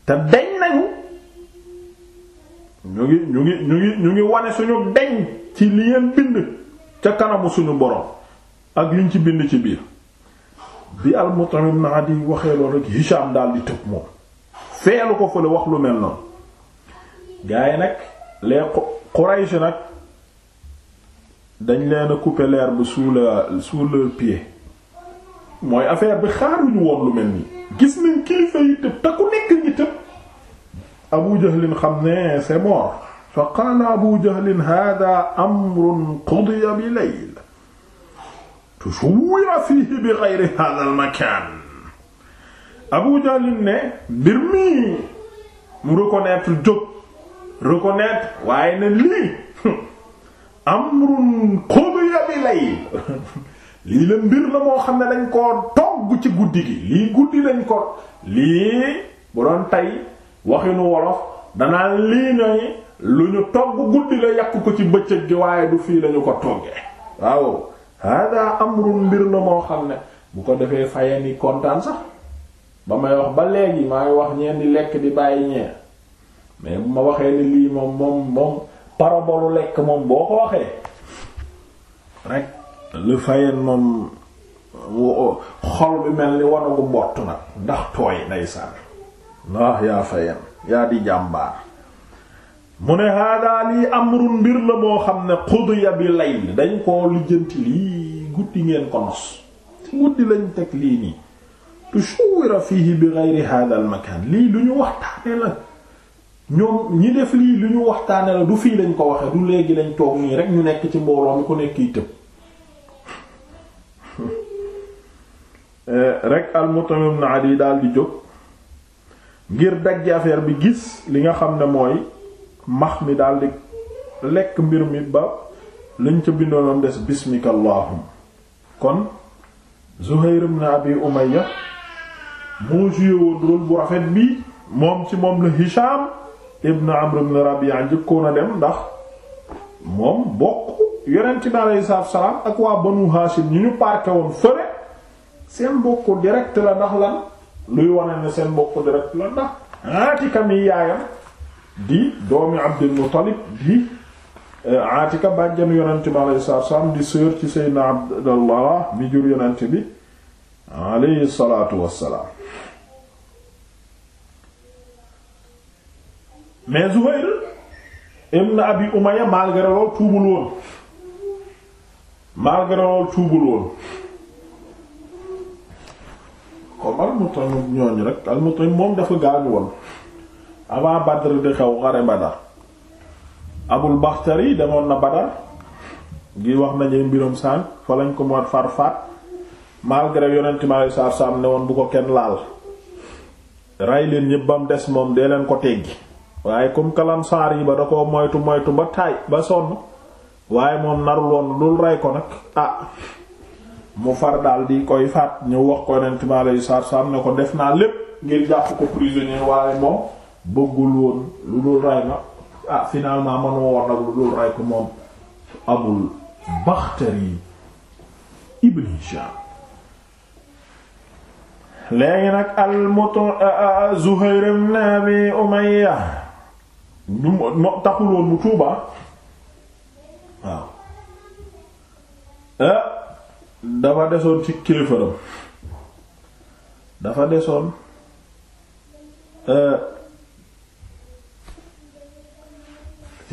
te deñ nañu ñu ngi ñu ngi ñu ngi ñu ngi wane suñu deñ ci li ngeen bind ca kanamu suñu borom ak liñ ci bind ci biir bi al-Mut'im ibn Adi waxee loolu rek daal di tëb feelu ko fële wax lu mel noonu gaa yi nag les Quraysh dañ leen a couper l'herbe sous le sous le mooy affaire bi xaaruñu woon lu mel nii gis nañ kilifa yi tëb te ku nekk ñi Abu Jahlin xam ne c'est mort fa qaala Abu Jahlin hada amrun qudiya bi layl shuyya fiihi bi ghayri hadha al makan Abu Jahl ne mbir mii mu reconnaître jóg reconnaître waaye na lii amrun qudiya bi lay lii la mbir la moo xam ne dañ ko togg ci guddi gi lii guddi lañ ko lii bu doon tey waxinu wolof danaa lii ñooy lu ñu togg guddi la yàq ko ci bëccëg gi waaye du fii lañu ko toggee waaw am amrun mbir na moo xam ne bu ko defee fayen yi kontaan sax ba may wax ba léegi maay wax ñeen di lekk di bàyyi ñee mais bu ma waxee ni lii moom moom moom parabolu lekk moom boo ko waxee rek lu fayen moom xol bi mel ni wanagu mbott nag ndax tooy ndeysaan waaw yaa fayen yaa di jàmbaar mu ne haadaa lii amrun mbir la moo xam ne qudiya bi layl dañ ko lijjanti lii guddi ngeen ko nos guddi lañ teg lii nii tushuwira fihi bi ghayri haadaa makaan lii lu ñu waxtaane la ñoom ñi def lii lu ñu waxtaane la du fii lañ ko waxee du léegi lañ toog nii rek ñu nekk ci mbooloo mi ku nekk yi tëb eh, rek al Mut'im ibn Adi daal di jóg ngir dajji affaire bi gis li nga xam ne mooy max mi daldi lekk mbir mi ba lañ ca bindoonoon des bismika allahum kon Zuhayr ibn Abi Umayya moo joué woon rôle bu rafet bi moom ci moom la Hisham ibn Amr ibn Rabi'a njëkkoon a dem ndax moom bokk yonent bi wa ak waa Banu Hashim ñu ñu parqué woon fëre seen bokk direct la ndax lan luy wane ne seen bokk direct la ndax aati ah, kam yaayam di doomi Abdul di eh, Aatika bàjjanu yonent bi alayhi salaatu di sœur ci Seydina Abdallah bi jur yonent bi alayhi salaatu wassalaam mais Zuhayr ibn Abi Umayya malgré tuubul woon malgré tuubul woon comme al ñooñu rek al-Mut'im moom dafa gaañu woon avant Badr di xew xare Badar Abul Baxtari demoon na Badar gi wax nañu mbirum sànq fa lañ ko moot far faat malgré yonent ma saa bu ko kenn laal rey leen ñépp des moom dee leen ko waaye comme kalam saar yi ba da ko ba taay waaye moom ko nag ah koy faat ñu wax ko yonent ne ko def naa lépp ngir jàpp ko prisonnier waaye moom bëggul woon lu dul ray ma ah finalement man woon nag lu dul ray ko moom abul baxtari ibn Hisham léegi nag al moto ah, Zuhayr ibn Abi Umayya du mo taxul woon mu tuuba waaw eh, dafa desoon ci kilifaram dafa desoon. Eh,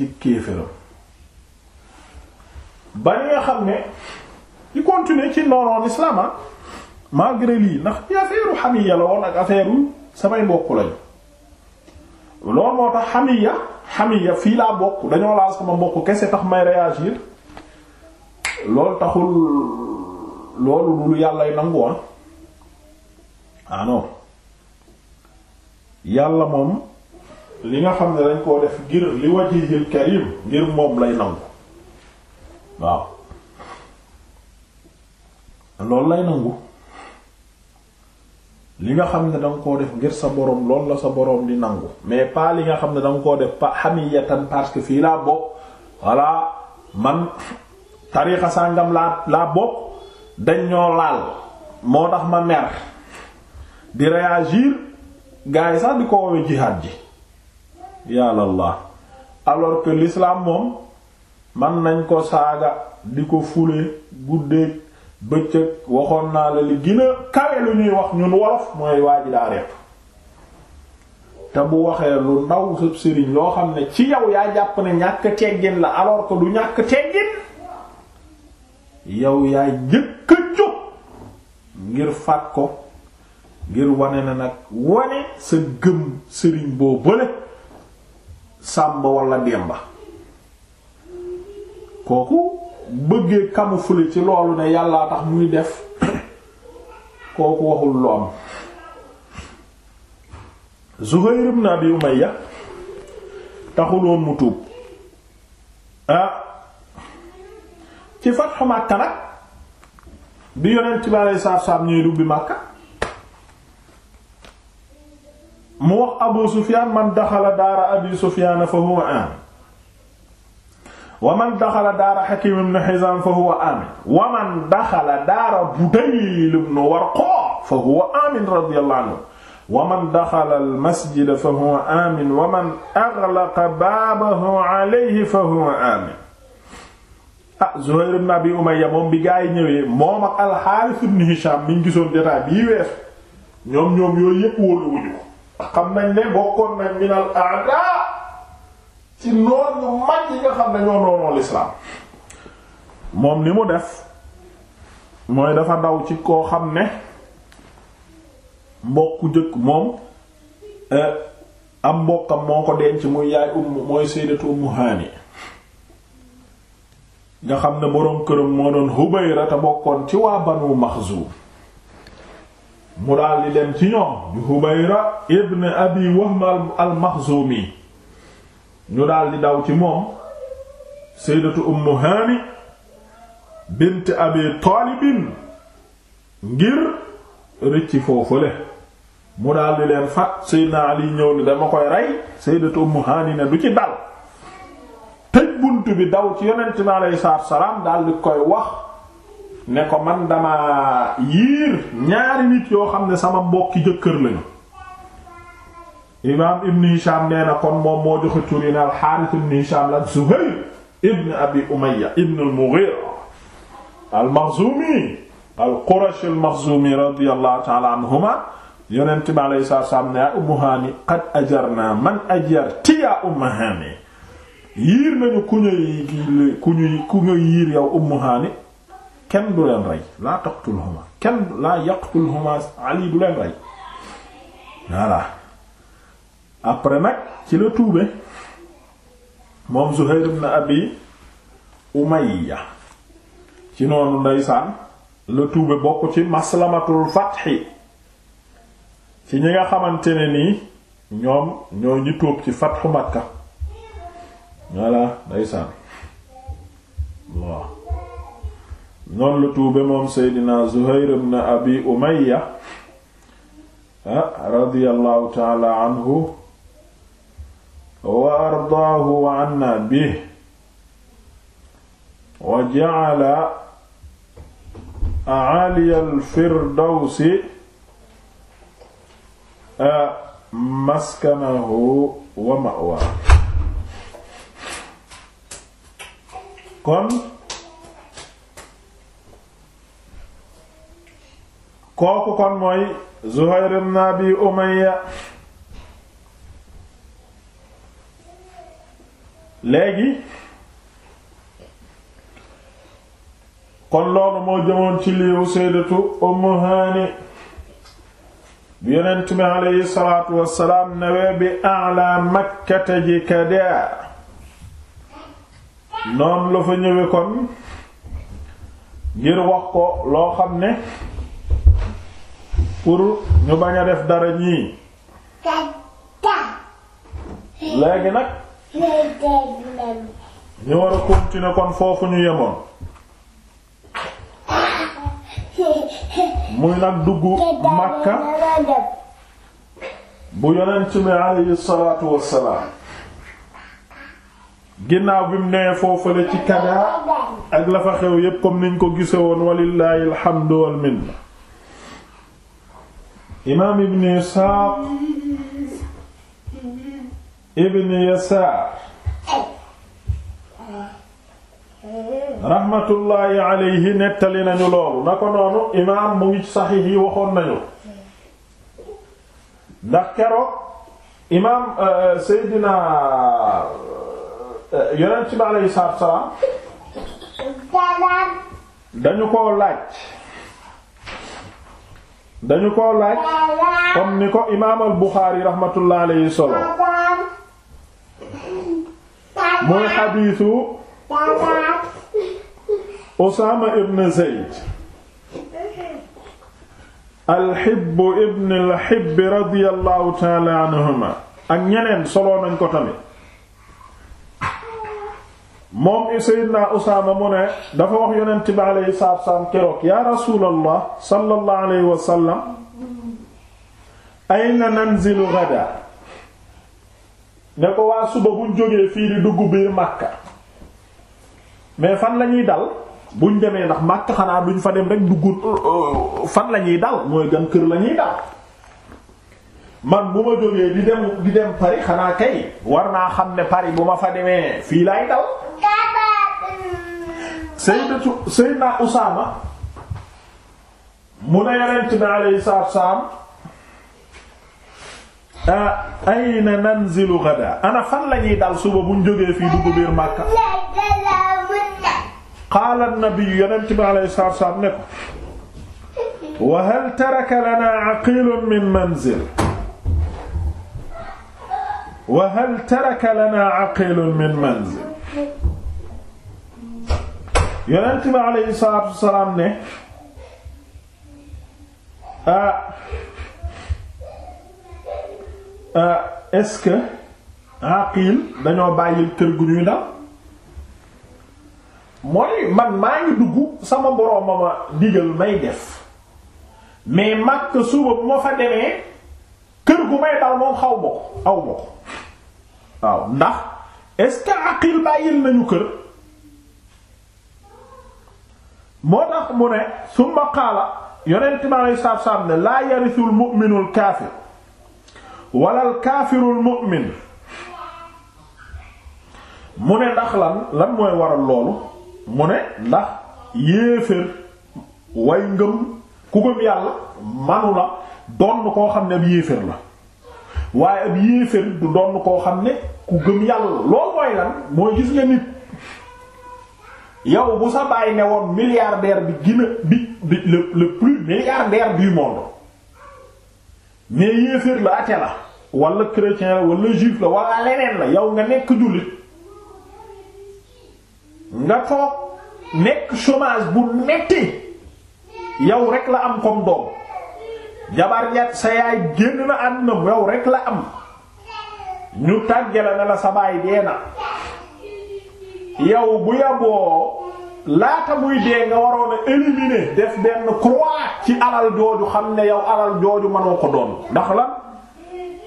ci kéeféram ba xam ne di continuer ci noonu islaam ah, malgré lii ndax affaire xamiya la woon ak affaire samay mbokk lañu loolu moo tax xamiya xamiya fii laa bokk dañoo laal sama mbokk kese tax may réagir loolu taxul loolu lu yàllay nangu ah. ah non yàlla moom li nga xam ne dañ koo def ngir li wajihil karim ngir moom lay nangu waaw loolu lay nangu li nga xam ne danga koo def ngir sa boroom loolu la sa boroom di nangu mais pas li nga xam ne danga koo def pa hamiyatan parce que fii laa bokk voilà man tariixa sàngam laa laa bokk dañ ñoo laal moo tax ma mer di réagir gars yi sax di ko woowee jihaad ji yàllallah alors que l'islam moom man nañ ko saaga di ko fule guddeeg bëccëg waxoon naa la li gën a lu ñuy wax ñun wolof mooy waa daa repp te bu waxee lu ndaw sëb sëriñ loo xam ne ci yaw yaa jàpp ne ñàkk teggin la alors que du ñàkk teggin yow yaa jëkk ngir faat ko ngir wane na nag wane sa gëm sëriñ boo bële sàmba walla demba kooku bëggee camoufler ci loolu ne yàllaa tax muy def kooku waxul lu am Zuhayr ibn Abi taxuloon mu tuub ah ci Fathu Makka nag bi yonent bi aleyhi salaatu salaam ñuy dubbi Makka mu wax abu sufiyaan man daxala daara abi sufiyaana fa huwa amin wa man daxala daara xakim ibn xizaam fa huwa amin wa man daxala daara budayl ibn warqa fa huwa amin radiyallahu anhu wa man daxala almasjida fa huwa amin wa man axlaqa baabahu alayhi fa huwa amin ah Zuhayr ibn Abi Umayya moom bi gaa yi ñëwee moom ak al Haaris ibn Hisham mi ngi gisoon jotaay bii weesu ñoom ñoom yooyu yépp wóolu wuñu ko xam nañ ne bokkoon na minal a'da ci noon ñu yi nga xam ne ñoo noonoo lislaam moom ni mu def mooy dafa daw ci koo xam ne mbokku jëkk moom eh, am mbokkam moo ko denc muy yaay umm mooy sayyidatu ummu haani nga xam ne boroom këram moo doon Hubayra te bokkoon ci waa banu Maxzuum mu daal leen dem ci ñoom di Hubayra ibn Abi Wahm al ñu daal daw ci moom sayyidatu Ummu Hani bint Abi Talib ngir rëcc foofule mu daal leen fat Seydina Ali ñëw ni dama koy rey sayyidatu Ummu Hani ne du ci dal tëj bunt bi daw ci yonent mi alayhi salaatu salaam daal koy wax ne ko man dama yiir ñaari nit yoo xam ne sama mbokki jëkkër lañu imaam ibn hisham nee na kon moom moo joxe tur yi ibn hisham la zuhayr ibn abi umayya ibn al-mughira al-makhzumi al-qurashi al-makhzumi ta'ala anhuma yonent bi alayhi salaam ne yaa ummu haani qad ajarna man ajarti yaa ummu haani yiir nañu ku ku ñuy ku ñuy yiir yow ummu haani kenn du leen rey laa taqtulhuma kenn laa yaqtulhuma Ali du leen rey voilà après nag ci la tuube moom Zuhayr ibn Abi Umayya ci noonu ndeysaan la tuube bokk ci maslamatul fatxi ci ñi nga xamante ne nii ñoom ñoo ñi tuub ci fatxu Makka voilà ndeysaan waaw noonu la tuube moom seydina Zuhayr ibn Abi Umayya radiyallahu taala anhu wa ardaahu wa anna bihi wa ja'ala a'ali al-firdawsi maskanahu wa ma'waahu kon kooku kon mooy Zuhayr ibn Abi léegi kon loolu moo jëmoon ci liiwu sayyidatu Ummu Haani bi yonent salaatu wassalaam newee bi a'la makkata ji kada noonu la fa ñëwee kon ngir wax ko loo xam ne pour ñu bañ a def dara ñii léegi nag ñu war a continuer kon foofu ñu yemoon muy nag dugg Makka bu yonent mi alayhi salaatu wassalaam ginnaaw bi mu nee foofale ci Kadaa ak la fa xew yépp comme niñ ko gise woon walillahi alhamdu imaam ibn Isaaq ibn Yasaar raxmatullaahi alayhi nettali nañu loolu na ko imaam mu ngi saxiix yi waxoon nañu ndax keroog euh, euh, euh, dañu ko laaj dañu ko laaj comme ni ko imaam al Buxaari raxmatullahi alayhi solo muy xadiisu Usaama ibn Zayd alxibb ibn alxibb radiyallahu taala anhuma ak ñeneen solo nañ ko tamit moom Seydina Usaama mu ne dafa wax yonent bi yu salaatu salaam keroog yaa rasuulallah sallallahu alayhi wa sallam ayna nanzilu ghadan ne ko waa suba buñ jógee fii di dugg biir Makka mais fan lañuy dal buñ demee ndax Makka xanaa duñ fa dem rek dugg euh, fan lañuy dal mooy gan kër lañuy dal man bu ma jógee di dem di dem Paris xanaa kay war naa xam ne Paris bu ma fa demee fii laay dal sayyidatu sayyidna Usaama mu ne yonent bi alayhi salaatu wa salaam ayna nanzilu ghadan ana fan lañuy dal suba buñ jógee fii dugg biir Makka qaala an-nabi yonent bi alayhi salaatu wa salaam ne ko wa hal taraka lanaa aqiilun min manzil wa hal taraka lanaa aqiilun min manzil yonent bi aleyhi salaatu wasalaam ne ah ah est-ce que dañoo bàyyil kër gu ñuy dal mooy man maa ngi dugg sama boroom ma ma digal may def mais mag suba bu ma fa demee kër gu may dal moom xaw ma ko aw ma ko waaw ndax est-ce que aqil bàyyil nañu kër. moo tax mu ne summa qaala yonent mi aleyhi salaatu salaam ne laa yarisu almu'minu alkaafir wala alkaafiru almu'min mu ne ndax lan lan mooy waral loolu mu ne ndax yéeféer way ngëm ku ngëm yàlla manu la donn koo xam ne ab yéeféer la waaye ab yéeféer du donn koo xam ne ku gëm yàlla loolu mooy lan mooy gis nga nit yow bu sa bàyyi ne woon milliardaire bi gina bi bi le le plus milliardaire du monde yéeféer la athée la wala chrétien la wala juif la wala leneen la yow nga nekk jullit nga toog nekk chômage bu metti yow rek la am comme doom jabar ñett sa yaay génn na àdduna yow rek la am ñu tàggale na la sa baay dee na yow bu yaboo laata muy dee nga waroon a éliminer def benn croix ci alal jooju xam ne yow alal jooju mënoo ko doon ndax lan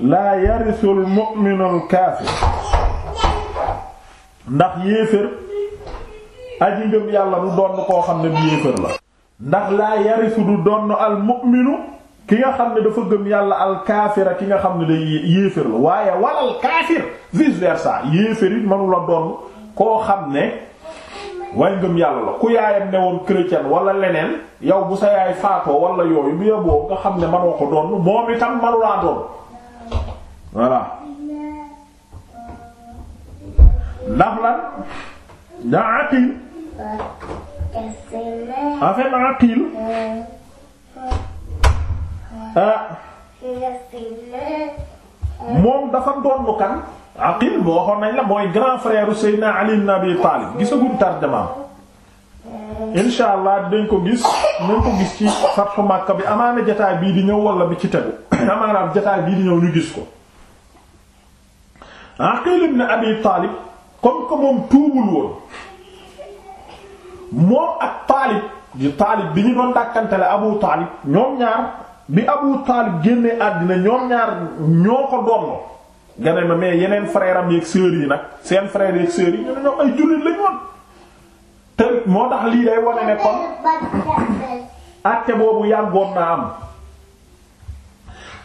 laa yarisul mu'minul kaafir ndax yéefér aji yàlla du donn koo xam ne bu yéefér la ndax laa yarisu du donn al mu'minu ki nga xam ne dafa gëm yàlla al kaafira ki nga xam ne day yéefér la waaye walal kaafir vice versa yéefér it mënula donn koo xam ne way ngëm yàlla la ku yaayam ne woon chrétien wala leneen yow bu sa yaay faatoo wala yooyu bu yeboo nga xam ne manoo ko doon moom itam manulaa doon voilà ndax lan da aqil en fait aqil ah. moom dafa doon kan aqil boo waxoon nañ la mooy grand frère Seydina Ali ibn Abi Talib gisaguñ tarjamaam insha dañ ko gis nañ ko gis ci fatxu Makka bi amaana jataay bii di ñëw wala bi ci tegu amaana jataay bii di ñëw ñu gis ko Aqil ibn Abi Talib comme moom tuubul woon moom ak Talib di Talib bi ñu doon dàkkantele Abu Talib ñoom ñaar bi Abu génnee àddina ñoom ñaar ñoo ko doon nga ne ma mais yeneen frère am yeeg yi nag seen frère yeeg sœurs yi ñu ñoom ay jullit lañu te moo tax lii day wane ne kon àtte boobu yàggoon naa am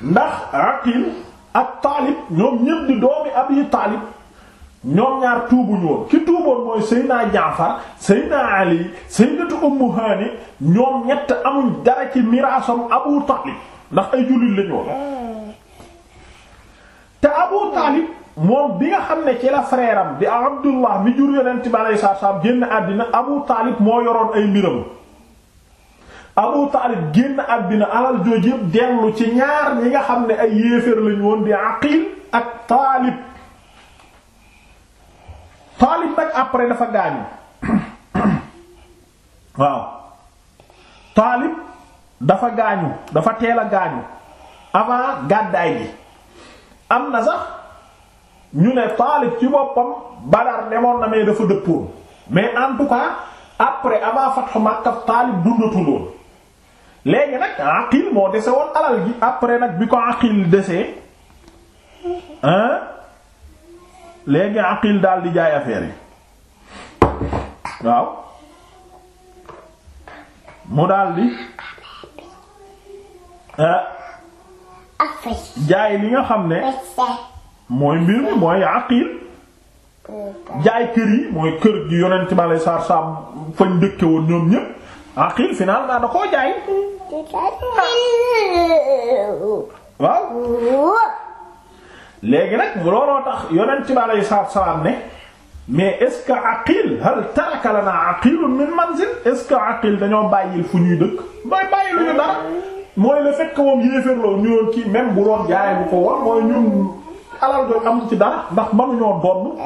ndax Aqil ak Taalib ñoom ñëpp di doomi Abi Taalib ñoom ñaar tuubuñu woon ki tuuboon mooy Seydina Jaafar Seydina Ali Sayyidatu Ummu Haani ñoom ñett amuñ dara ci miraasam Abu Taalib ndax ay jullit lañu te Abu Taalib moom bi nga xam ne ci la frère di bi alayhi salaatu salaam génn àddina Abu Taalib moo yoroon ay mbiram Abu Taalib génn àddina alal jooju dellu ci ñaar ñi nga xam ne ay yéeféer lañu woon di Aqiil ak Taalib Taalib nag après dafa gaañu waaw Taalib dafa gaañu dafa teel a gaañu avant gàddaay gi am na sax ñu ne Taalib ci boppam Badar demoon na mais dafa dëppoon mais en tout cas après avant fathu Makka Taalib dundatul woon léegi nag Aqil moo dese woon alal gi après nag bi ko Aqil desee hein léegi Aqil daal di jaay affaire yi waaw mu daal di ah jaay li nga xam ne mooy mbir mi mooy aqil jaay kër yi mooy kër gi yonent ma lay saar saam fañ dëkke woon ñoom ñépp aqil finalement da koo jaay waaw léegi nag looloo tax yonent ma lay saar ne mais est-ce que aqil hal taraka lana aqilun min manzil est-ce que aqil dañoo bàyyil fu ñuy dëkk mooy bàyyiluñu dara mooy le fait que moom yéeféer la woon ñu woon kii bu doon jaay bu ko woon mooy ñun alal doy am ci dara ndax mënuñoo doon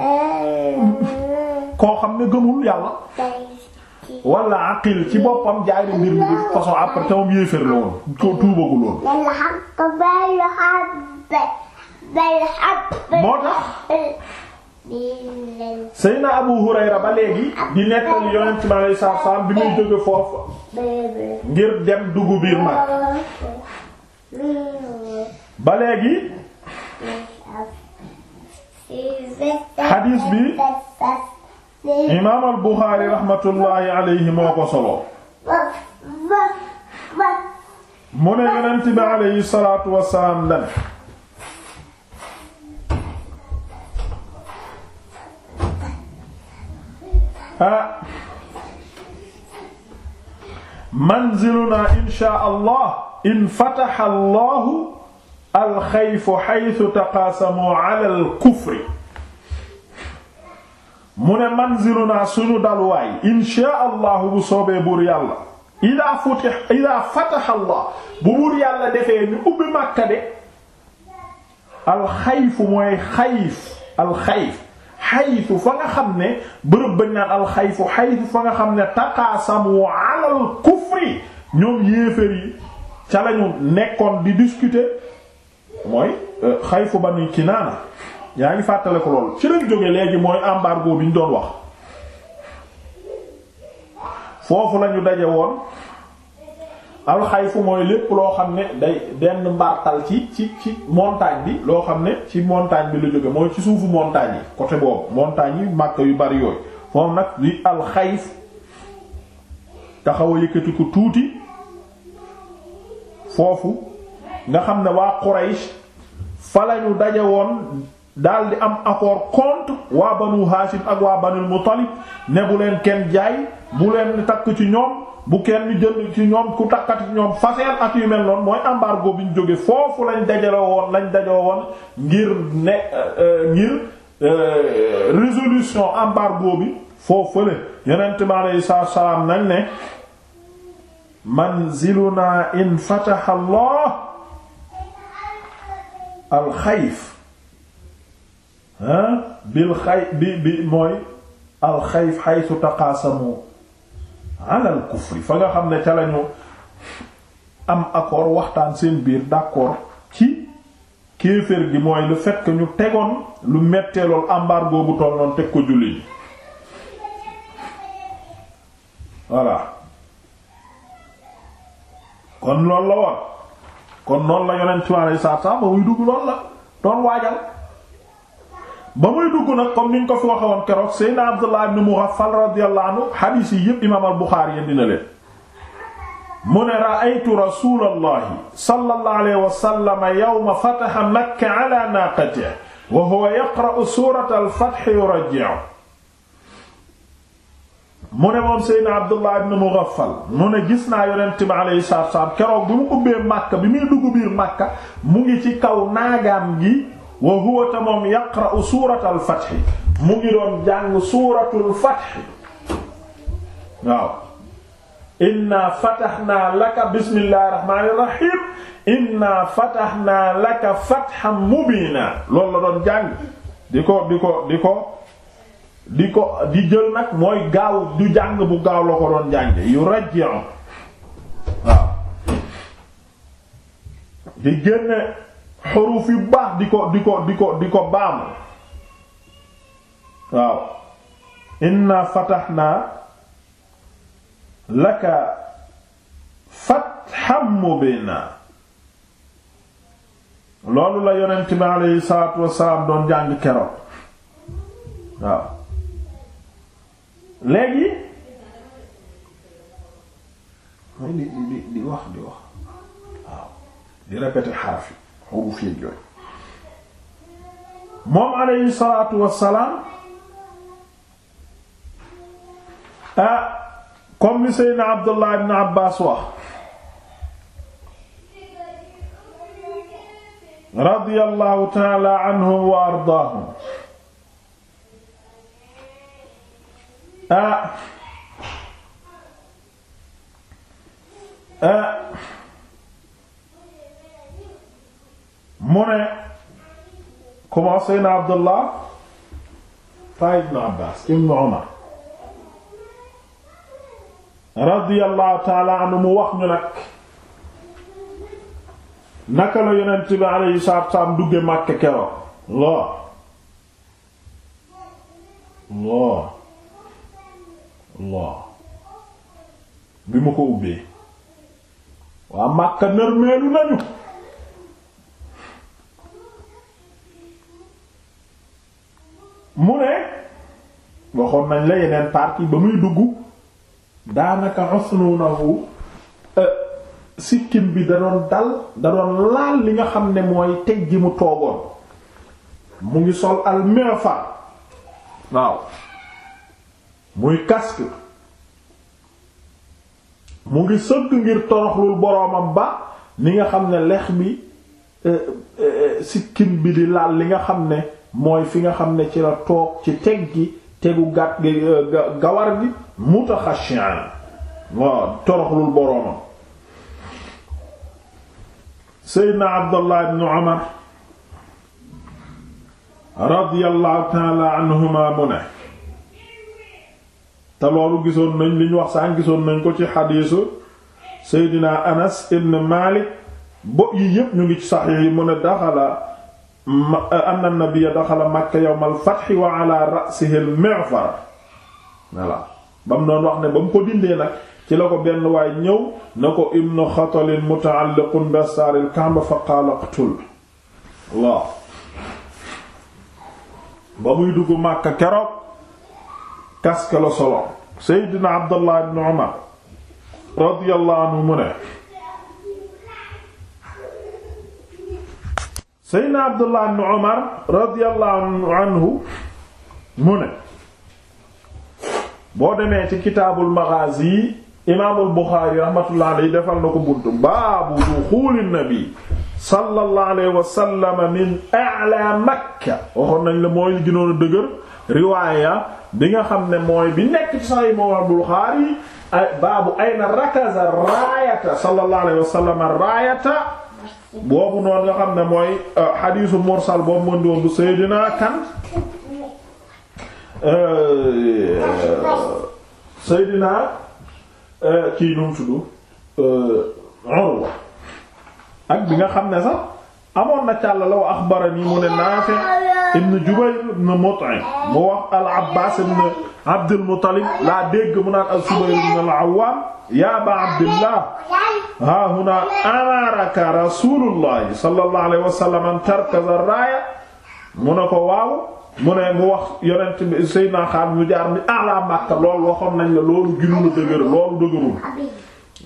koo xam ne gëmul yàlla wala aqil ci boppam jaay di mbir mi de façon après te moom yéeféer la woon ko tuubagul woon moo tax Seyna Abu Hurayra ba léegi di nettali yonent mi alayhi salaatu salaam bi muy jóge foofu ngir dem dugg biir mag ba léegi xadiis bi imaam al Buxaari raxmatullaahi alayhi moo ko solo mu ne yonent bi alayhi salaatu wassalaam lan Ah. manziluna insha allah in fataha allahu alxayfu xaytu taqaasamoo alal kufri mu ne manziluna suñu dalwaay insha allahu bu soobee buur yàlla ida futih ida fataha allah bu buur yàlla defee ni ubbi màkka de alxayfu mooy xayf alxayf xaytu fa nga xam ne bërëb bañ naan alxayfu xaytu fa nga xam ne taqaasamu alal kufri ñoom yéeféer yi ca lañu nekkoon di discuter mooy euh, xayfu Banu Kinaana yaa ngi fàttale ko loolu ci lañ jóge léegi mooy embargo bi ñu doon wax foofu lañu daje woon alxayfu mooy lépp loo xam ne day denn mbartal ci ci ci montagne bi loo xam ne ci montagne bi lu jóge mooy ci suufu montagne yi côté boobu montagne yi màkk yu bari yooyu moom nag li alxayf taxawa a yëkkati ko tuuti foofu nga xam ne waa Quraysh fa lañu daje woon daal di am accord contre waa banu Hashim ak waa banul Muttalib ne bu leen kenn jaay bu leen takk ci ñoom bu kenn jënd ci ñoom ku takkati ci ñoom faseen ak yu mooy embargo bi ñu jóge foofu lañ dajaloo woon lañ dajoo woon ngir ne euh, euh, ngir euh, résolution embargo bi foofu la yonent bi aleyhi salaam nañ ne manziluna in fataha Allah bil xay bi bi mooy alxayf xaytu taqaasamu alal kufri fa nga xam ne ca lañu am accord waxtaan seen biir d'accord ci kéeféer gi mooy le fait ñu tegoon lu mettee lool embargo bu toll teg ko julli voilà kon loolu la woon kon noonu la yonent mi aleyhi salaatu dugg loolu la doon waajal ba muy dugg nag comme niñ ko fi waxe woon keroog Seydina Abdullah ibn Mughaffal radiyallahu anhu yépp imaam al-Buxaari yi leen mu ne ra'aytu rasuulallahi sallallahu wa sallam yawma fataha Makka ala wa huwa yaqra'u suuratal fath yurajji'u mu ne moom Seydina Abdullah ibn Mughaffal mu ne gis naa yonent bi alayhi keroog bi mu ubbee Makka bi muy dugg biir Makka mu ngi ci kaw naagaam gi wa huwa ta moom yaqra'u suuratal fath mu ngi doon jàng suuratul fath waaw inna fatahnaa laka bismillaahir rahmaanir rahiim inna fatahnaa laka fathan mubiina loolu la doon jàng di ko di ko di ko di ko di jël nag mooy gaaw du jàng bu gaaw la ko doon jàng yu rajji'u waaw di génne xuruf yu baax di ko di ko di ko di ko baamu waaw inna fataxnaa laka fatxam mubiina loolu la yonent bi aleyhi salaatu wasalaam doon jàng keroog waaw léegi di di wax di wax waaw di répéter xaraf boobu fii jooy moom alayhi salaatu wassalaam ah comme li Seydina Abdullah ibn Abbas wax radiyallahu ta'ala anhum wa ardaahum ah ah mu ne commencé na Abdullah ta ibn Abbas ibn Umar radiyallahu taala mu wax ñu nag naka la yonent bi alayhi salaatu wassalaam dugge Makka keroog loo loo loo bi mu ko ubbee waa Makka nërmeelu nañu mu ne waxoon nañ la yeneen partie ba muy dugg daanaka xosnuunahu euh, sikkim bi da doon dal da laal li nga xam ne mooy teg ji mu toogoon mu ngi sol al mirfar waaw muy casque mu ngi sëgg ngir toroxlul boroomam ba ni nga xam ne lex bi euh, euh, sikkim bi di laal li nga xam ne mooy fi nga xam ne ci la toog ci teg gi tegu gàtt gi euh, gawar gi mutaxashian waaw toroxlul boroomam seydna abdullah ibn umar radiyallahu taala mu ne te loolu gisoon nañ liñ wax saan gisoon nañ ko ci xadiisu seydna anas ibn malik bo yi yépp ñu ngi ci saxiix yi mu ne daxala Eh, anna nabiyya daxala makka yawmal fathi wa ala ra'sihi al ba mu doon wax ne ba mu ko dindee nag ci la ko benn waay ñëw na ko ibnu xatalin muta'alliqun bi asaaril kamba fa qaala iqtul waaw ba muy dugg Makka keroog casque la solo Seydina Abdallah ibn Umar radiyallahu anhu mu ne seydna abdullah ibn omar radiallahu anhu mu ne boo demee ci kitaabul maghazi imaamul buxaari rahmatullah alayhi defal na ko bunt baabu duxuuli nabi sallallahu alayhi wa sallam min a'la makka waxoon nañ la mooy gënoon a dëgër riwaaya bi nga xam ne mooy bi nekk ci sahih imaamul buxaari baabu ayna rakaza raayata sallallahu alayhi wa sallam raayata boobu noonu nga xam ne mooy xadiisu euh, mursal boobu mën doon bu Seydina kan euh, euh, Seydina kii nu mu tudd ak bi nga xam ne sax amoon na càllala wa axbarani mu ne Naafi ibn Jubayr ibn Mut'im mu wax al-Abbaas ibn Abdul Muttalib laa dégg mu naan az-Zubayr ibn al-Awwaam yaa Abaa Abdillah haa hunaa amaaraka Rasuulullahi sallallahu alayhi wa sallam an tarkaza raaya mu ne ko waaw mu ne mu wax yonent bi Seydina Xaalid mu jaar bi ala Makka loolu waxoon nañ la loolu gënu la dëgër loolu dëgërul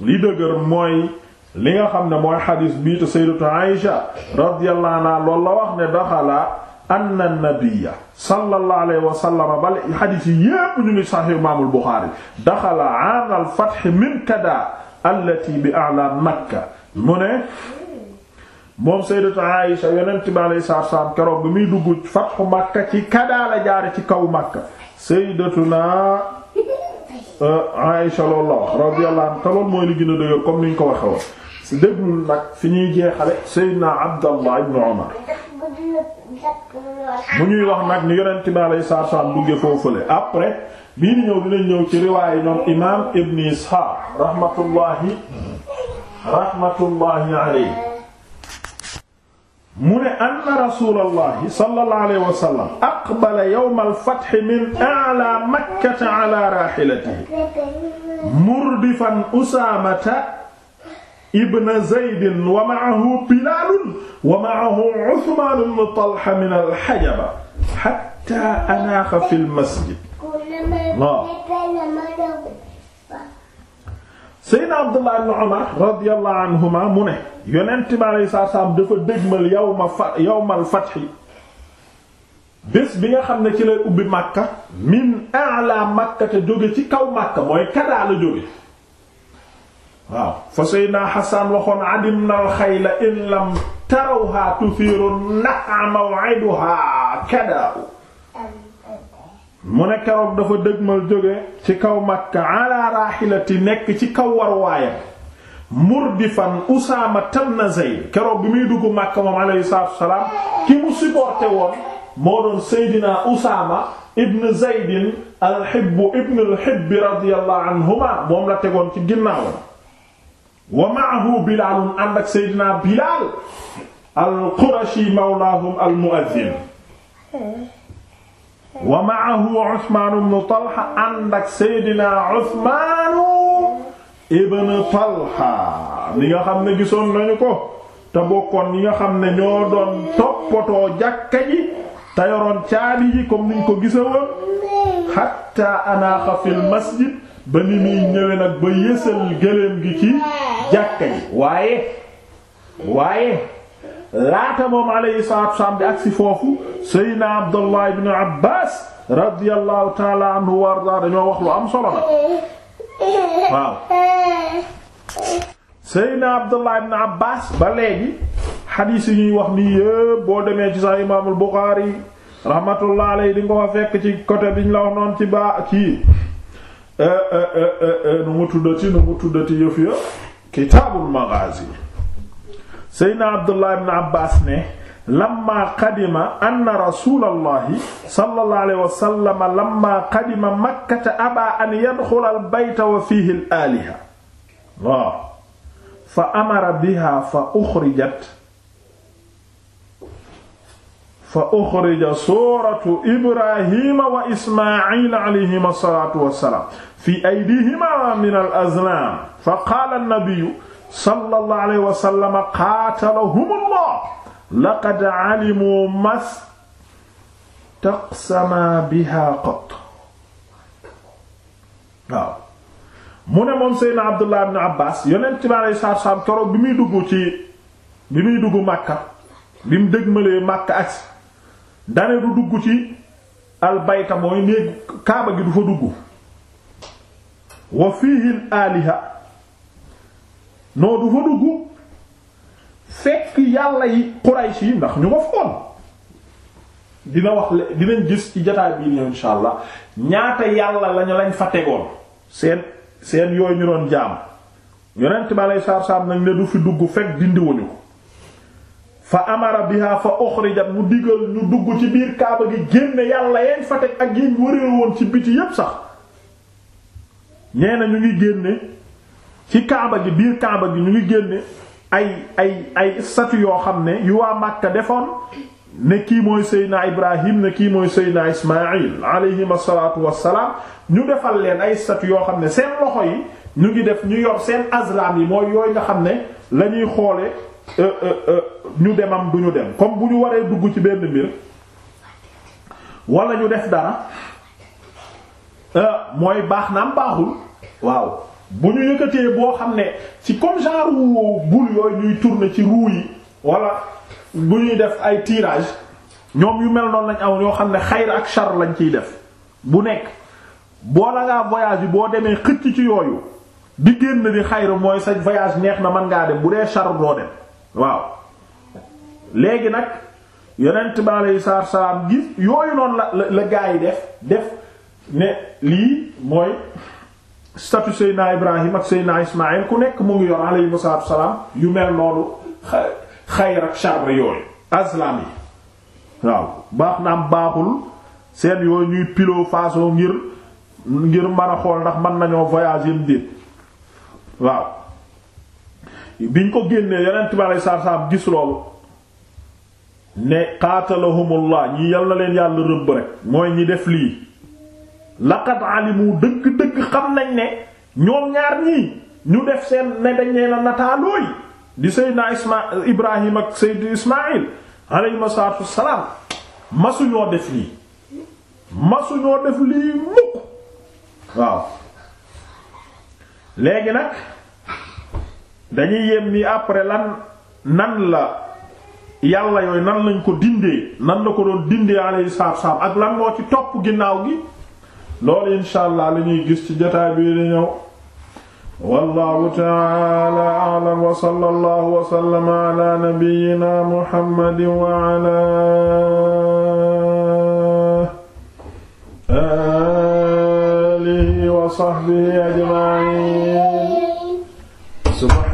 li dëgër mooy li nga xam ne mooy xadis bii te sayyidatu Aïsha radiyallahu anha loolu la wax ne daxala anna nabiyya sallallahu alayhi wa sallam bal xadis yépp ñu ngi sahih imaamul Buxaari daxala aama al-fath min kada allati bi a'la Makka mu ne moom sayyidatu Aïsha yonent bi alayhi salaam keroog bi muy dugg fathu Makka ci kada la jaar ci kaw Makka sayyidatuna euh, Aïsha loolu la wax radiyallahu anha te loolu mooy li gën a dëgër comme niñ ko waxe déglul nag fi ñuy jeexale Seydina Abdallah ibn Umar mu ñuy wax nag ni yonent bi alayhi salaatu wa salaam dugge foofule après bii ñëw dinañ ñëw ci riwaaye ñoom imaam Ibn Ishaq rahmatullahi rahmatullahi alayhi mu ne anna rasulallahi sallallahu alayhi wa sallam aqbala yawm al-fath min a'la makkata ala rahilatihi murdifan usaamata ibn Zayd wa ma'ahu Bilaal wa ma'ahu Usmaan ibn Talha min al-Hajaba hatta anaaxa fi al-masjid Seydina Abdullah ibn Umar radiyallahu anhuma mu ne Yonent bi alayhi salaam dafa dégmal yawma yawmal fath bés bi nga xam ne ci lay ubbi Makka min a'la Makka te jóge ci kaw Makka mooy kadaa la jóge waaw fa Seydina Hassan waxoon adim na alxayla in lam tarawha tuthiru na'a maw'iduha kada mu ne keroog dafa dëgmal jóge ci kaw makk ala rahilati nekk ci kaw war waayam murdifan Usaama ibn Zayd keroog bi muy dugg Makka moom alayhi salaatu wassalaam ki mu supporté woon moo doon Seydina Usaama ibn Zayd al ibn al radiyallahu anhuma moom la tegoon ci ginnaawam wa ma'ahu Bilaal ànd ak Seydina Bilaal al-Qurashi mawlaahum al-mu'adhdhin wa ma'ahu Usmaan ibn Talha ànd ak Seydina Usmaan ibn Talha mi nga xam ne gisoon nañu ko te bokkoon ñi nga xam ne ñoo doon toppatoo jàkka ji te yoroon caabi ji comme niñ ko gisawoon hatta anaaxa fil masjid ba ni muy ñëwee nag ba yësal gëléem gi ci jàkka yi waaye waaye laata moom alayhi salaatu wassalaam bi agsi foofu Seydina Abdullah ibn Abbas radiyallahu ta'ala anhu warda dañoo wax lu am solo la waaw Seydina Abdullah ibn Abbas ba léegi xadiis yi ñuy wax nii yépp boo demee ci sax imaamul Buxaari rahmatullah alayhi di nga ko fekk ci côté biñ la wax ci ba kii eh, eh, eh, nu mu tuddati nu mu tuddati yëf ya kitaabul maghazi seydna abdullah ibn abbas ne lamma qadima anna rasulallahi sallallahu alayhi wa sallam lamma qadima makkata aba an yadxula al bayta wa fiihi al aaliha waaw fa amara biha fa uxrijat fa uxrija suuratu Ibrahima wa Ismaaciil alayhima salaatu wa salaam fi aydihimaa minal azlaam fa qaala nabiyyu sallallahu alayhi wa sallam qaatalahumullaah laqad calimuu mas taqsamaa bihaa qatt. waaw mu ne moom Seydina Abdullah ibn Abbaas yonent bi alayhi salaatu wa salaam keroog bi muy dugg ci bi muy dugg Makka bi mu dëgmalee Makka agsi dane du dugg ci albayta mooy néeg kaaba gi du fa dugg wa fiihi l aaliha noo du fa dugg fekk yàlla yi Quraysh yi ndax ñu ko foon dina wax dinañ gis ci jotaay bii nii insha allah ñaata yàlla lañu lañ fa tegoon seen seen yooyu ñu doon jaam yonent bi aleyhi salaatu salaam nag ne du fi dugg fekk dindiwuñu ko fa amara biha fa uxrijat mu digal ñu dugg ci biir kaaba gi génne yàlla yeen fa teg ak yeen wëree woon ci biti yépp sax nee na ñu ngi génne ci kaaba gi biir kaaba gi ñu ngi génne ay ay ay statue yoo xam ne yu waa Makka defoon ne kii mooy Seydina Ibrahim ne kii mooy Seydina Ismaïl alayhim asalaatu wassalaam ñu defal leen ay statue yoo xam ne seen loxo yi ñu ngi def ñu yor seen azlam yi mooy yooyu nga xam ne lañuy xoole Euh, euh, euh, ñu demam du ñu dem comme bu ñu waree dugg ci benn mbir walla ñu def dara mooy baax naam baaxul waaw bu ñu yëkkatee boo xam ne ci comme genre bul yooyu ñuy turne ci roue yi wala bu ñuy def ay tirage ñoom yu mel noonu lañ aw ñoo xam ne xayr ak char lañ ciy def bu nekk boo la ngaa voyage yi boo demee xëcc ci yooyu di na di xayr mooy sa voyage neex na mën ngaa dem bu dee char doo dem waaw léegi nag yonent bi aleyhi salaatu salaam gis yooyu noonu la la gaa yi def def ne lii mooy statut Seydina Ibrahim ak Seydina Ismaïl ku nekk mu ngi yor aleyhimu salaatu salaam yu mel noonu xayr ak sharr yooyu aslam yi waaw baax na am baaxul seen yooyu ñuy pilo façon ngir ngir mën a xool ndax mën nañoo voyager déet waaw biñ ko génnee yonent bi aleyhi salaatu salaam gis loolu ne qaatalahumullah ñi yal na leen yàlla rëbb rek mooy ñi def lii laqad alimu dëgg-dëgg xam nañ ne ñoom ñaar ñii ñu def seen ne dañ nee na nataalooy di seydina isma ibrahim ak seydina ismail aleyhima salaatu wassalaam masuñoo def lii masuñoo def lii mukk waaw léegi nag dañuy yem ni après lan nan la yàlla yooyu nan lañ ko dindee nan la ko doon dindee alayhi salaatu salaam ak lan moo ci topp ginnaaw gi loolu insha allah la gis ci jotaay bi di ñëw wallahu ta'ala a'lam wa sallallahu wa sallama ala wa ala alihi wa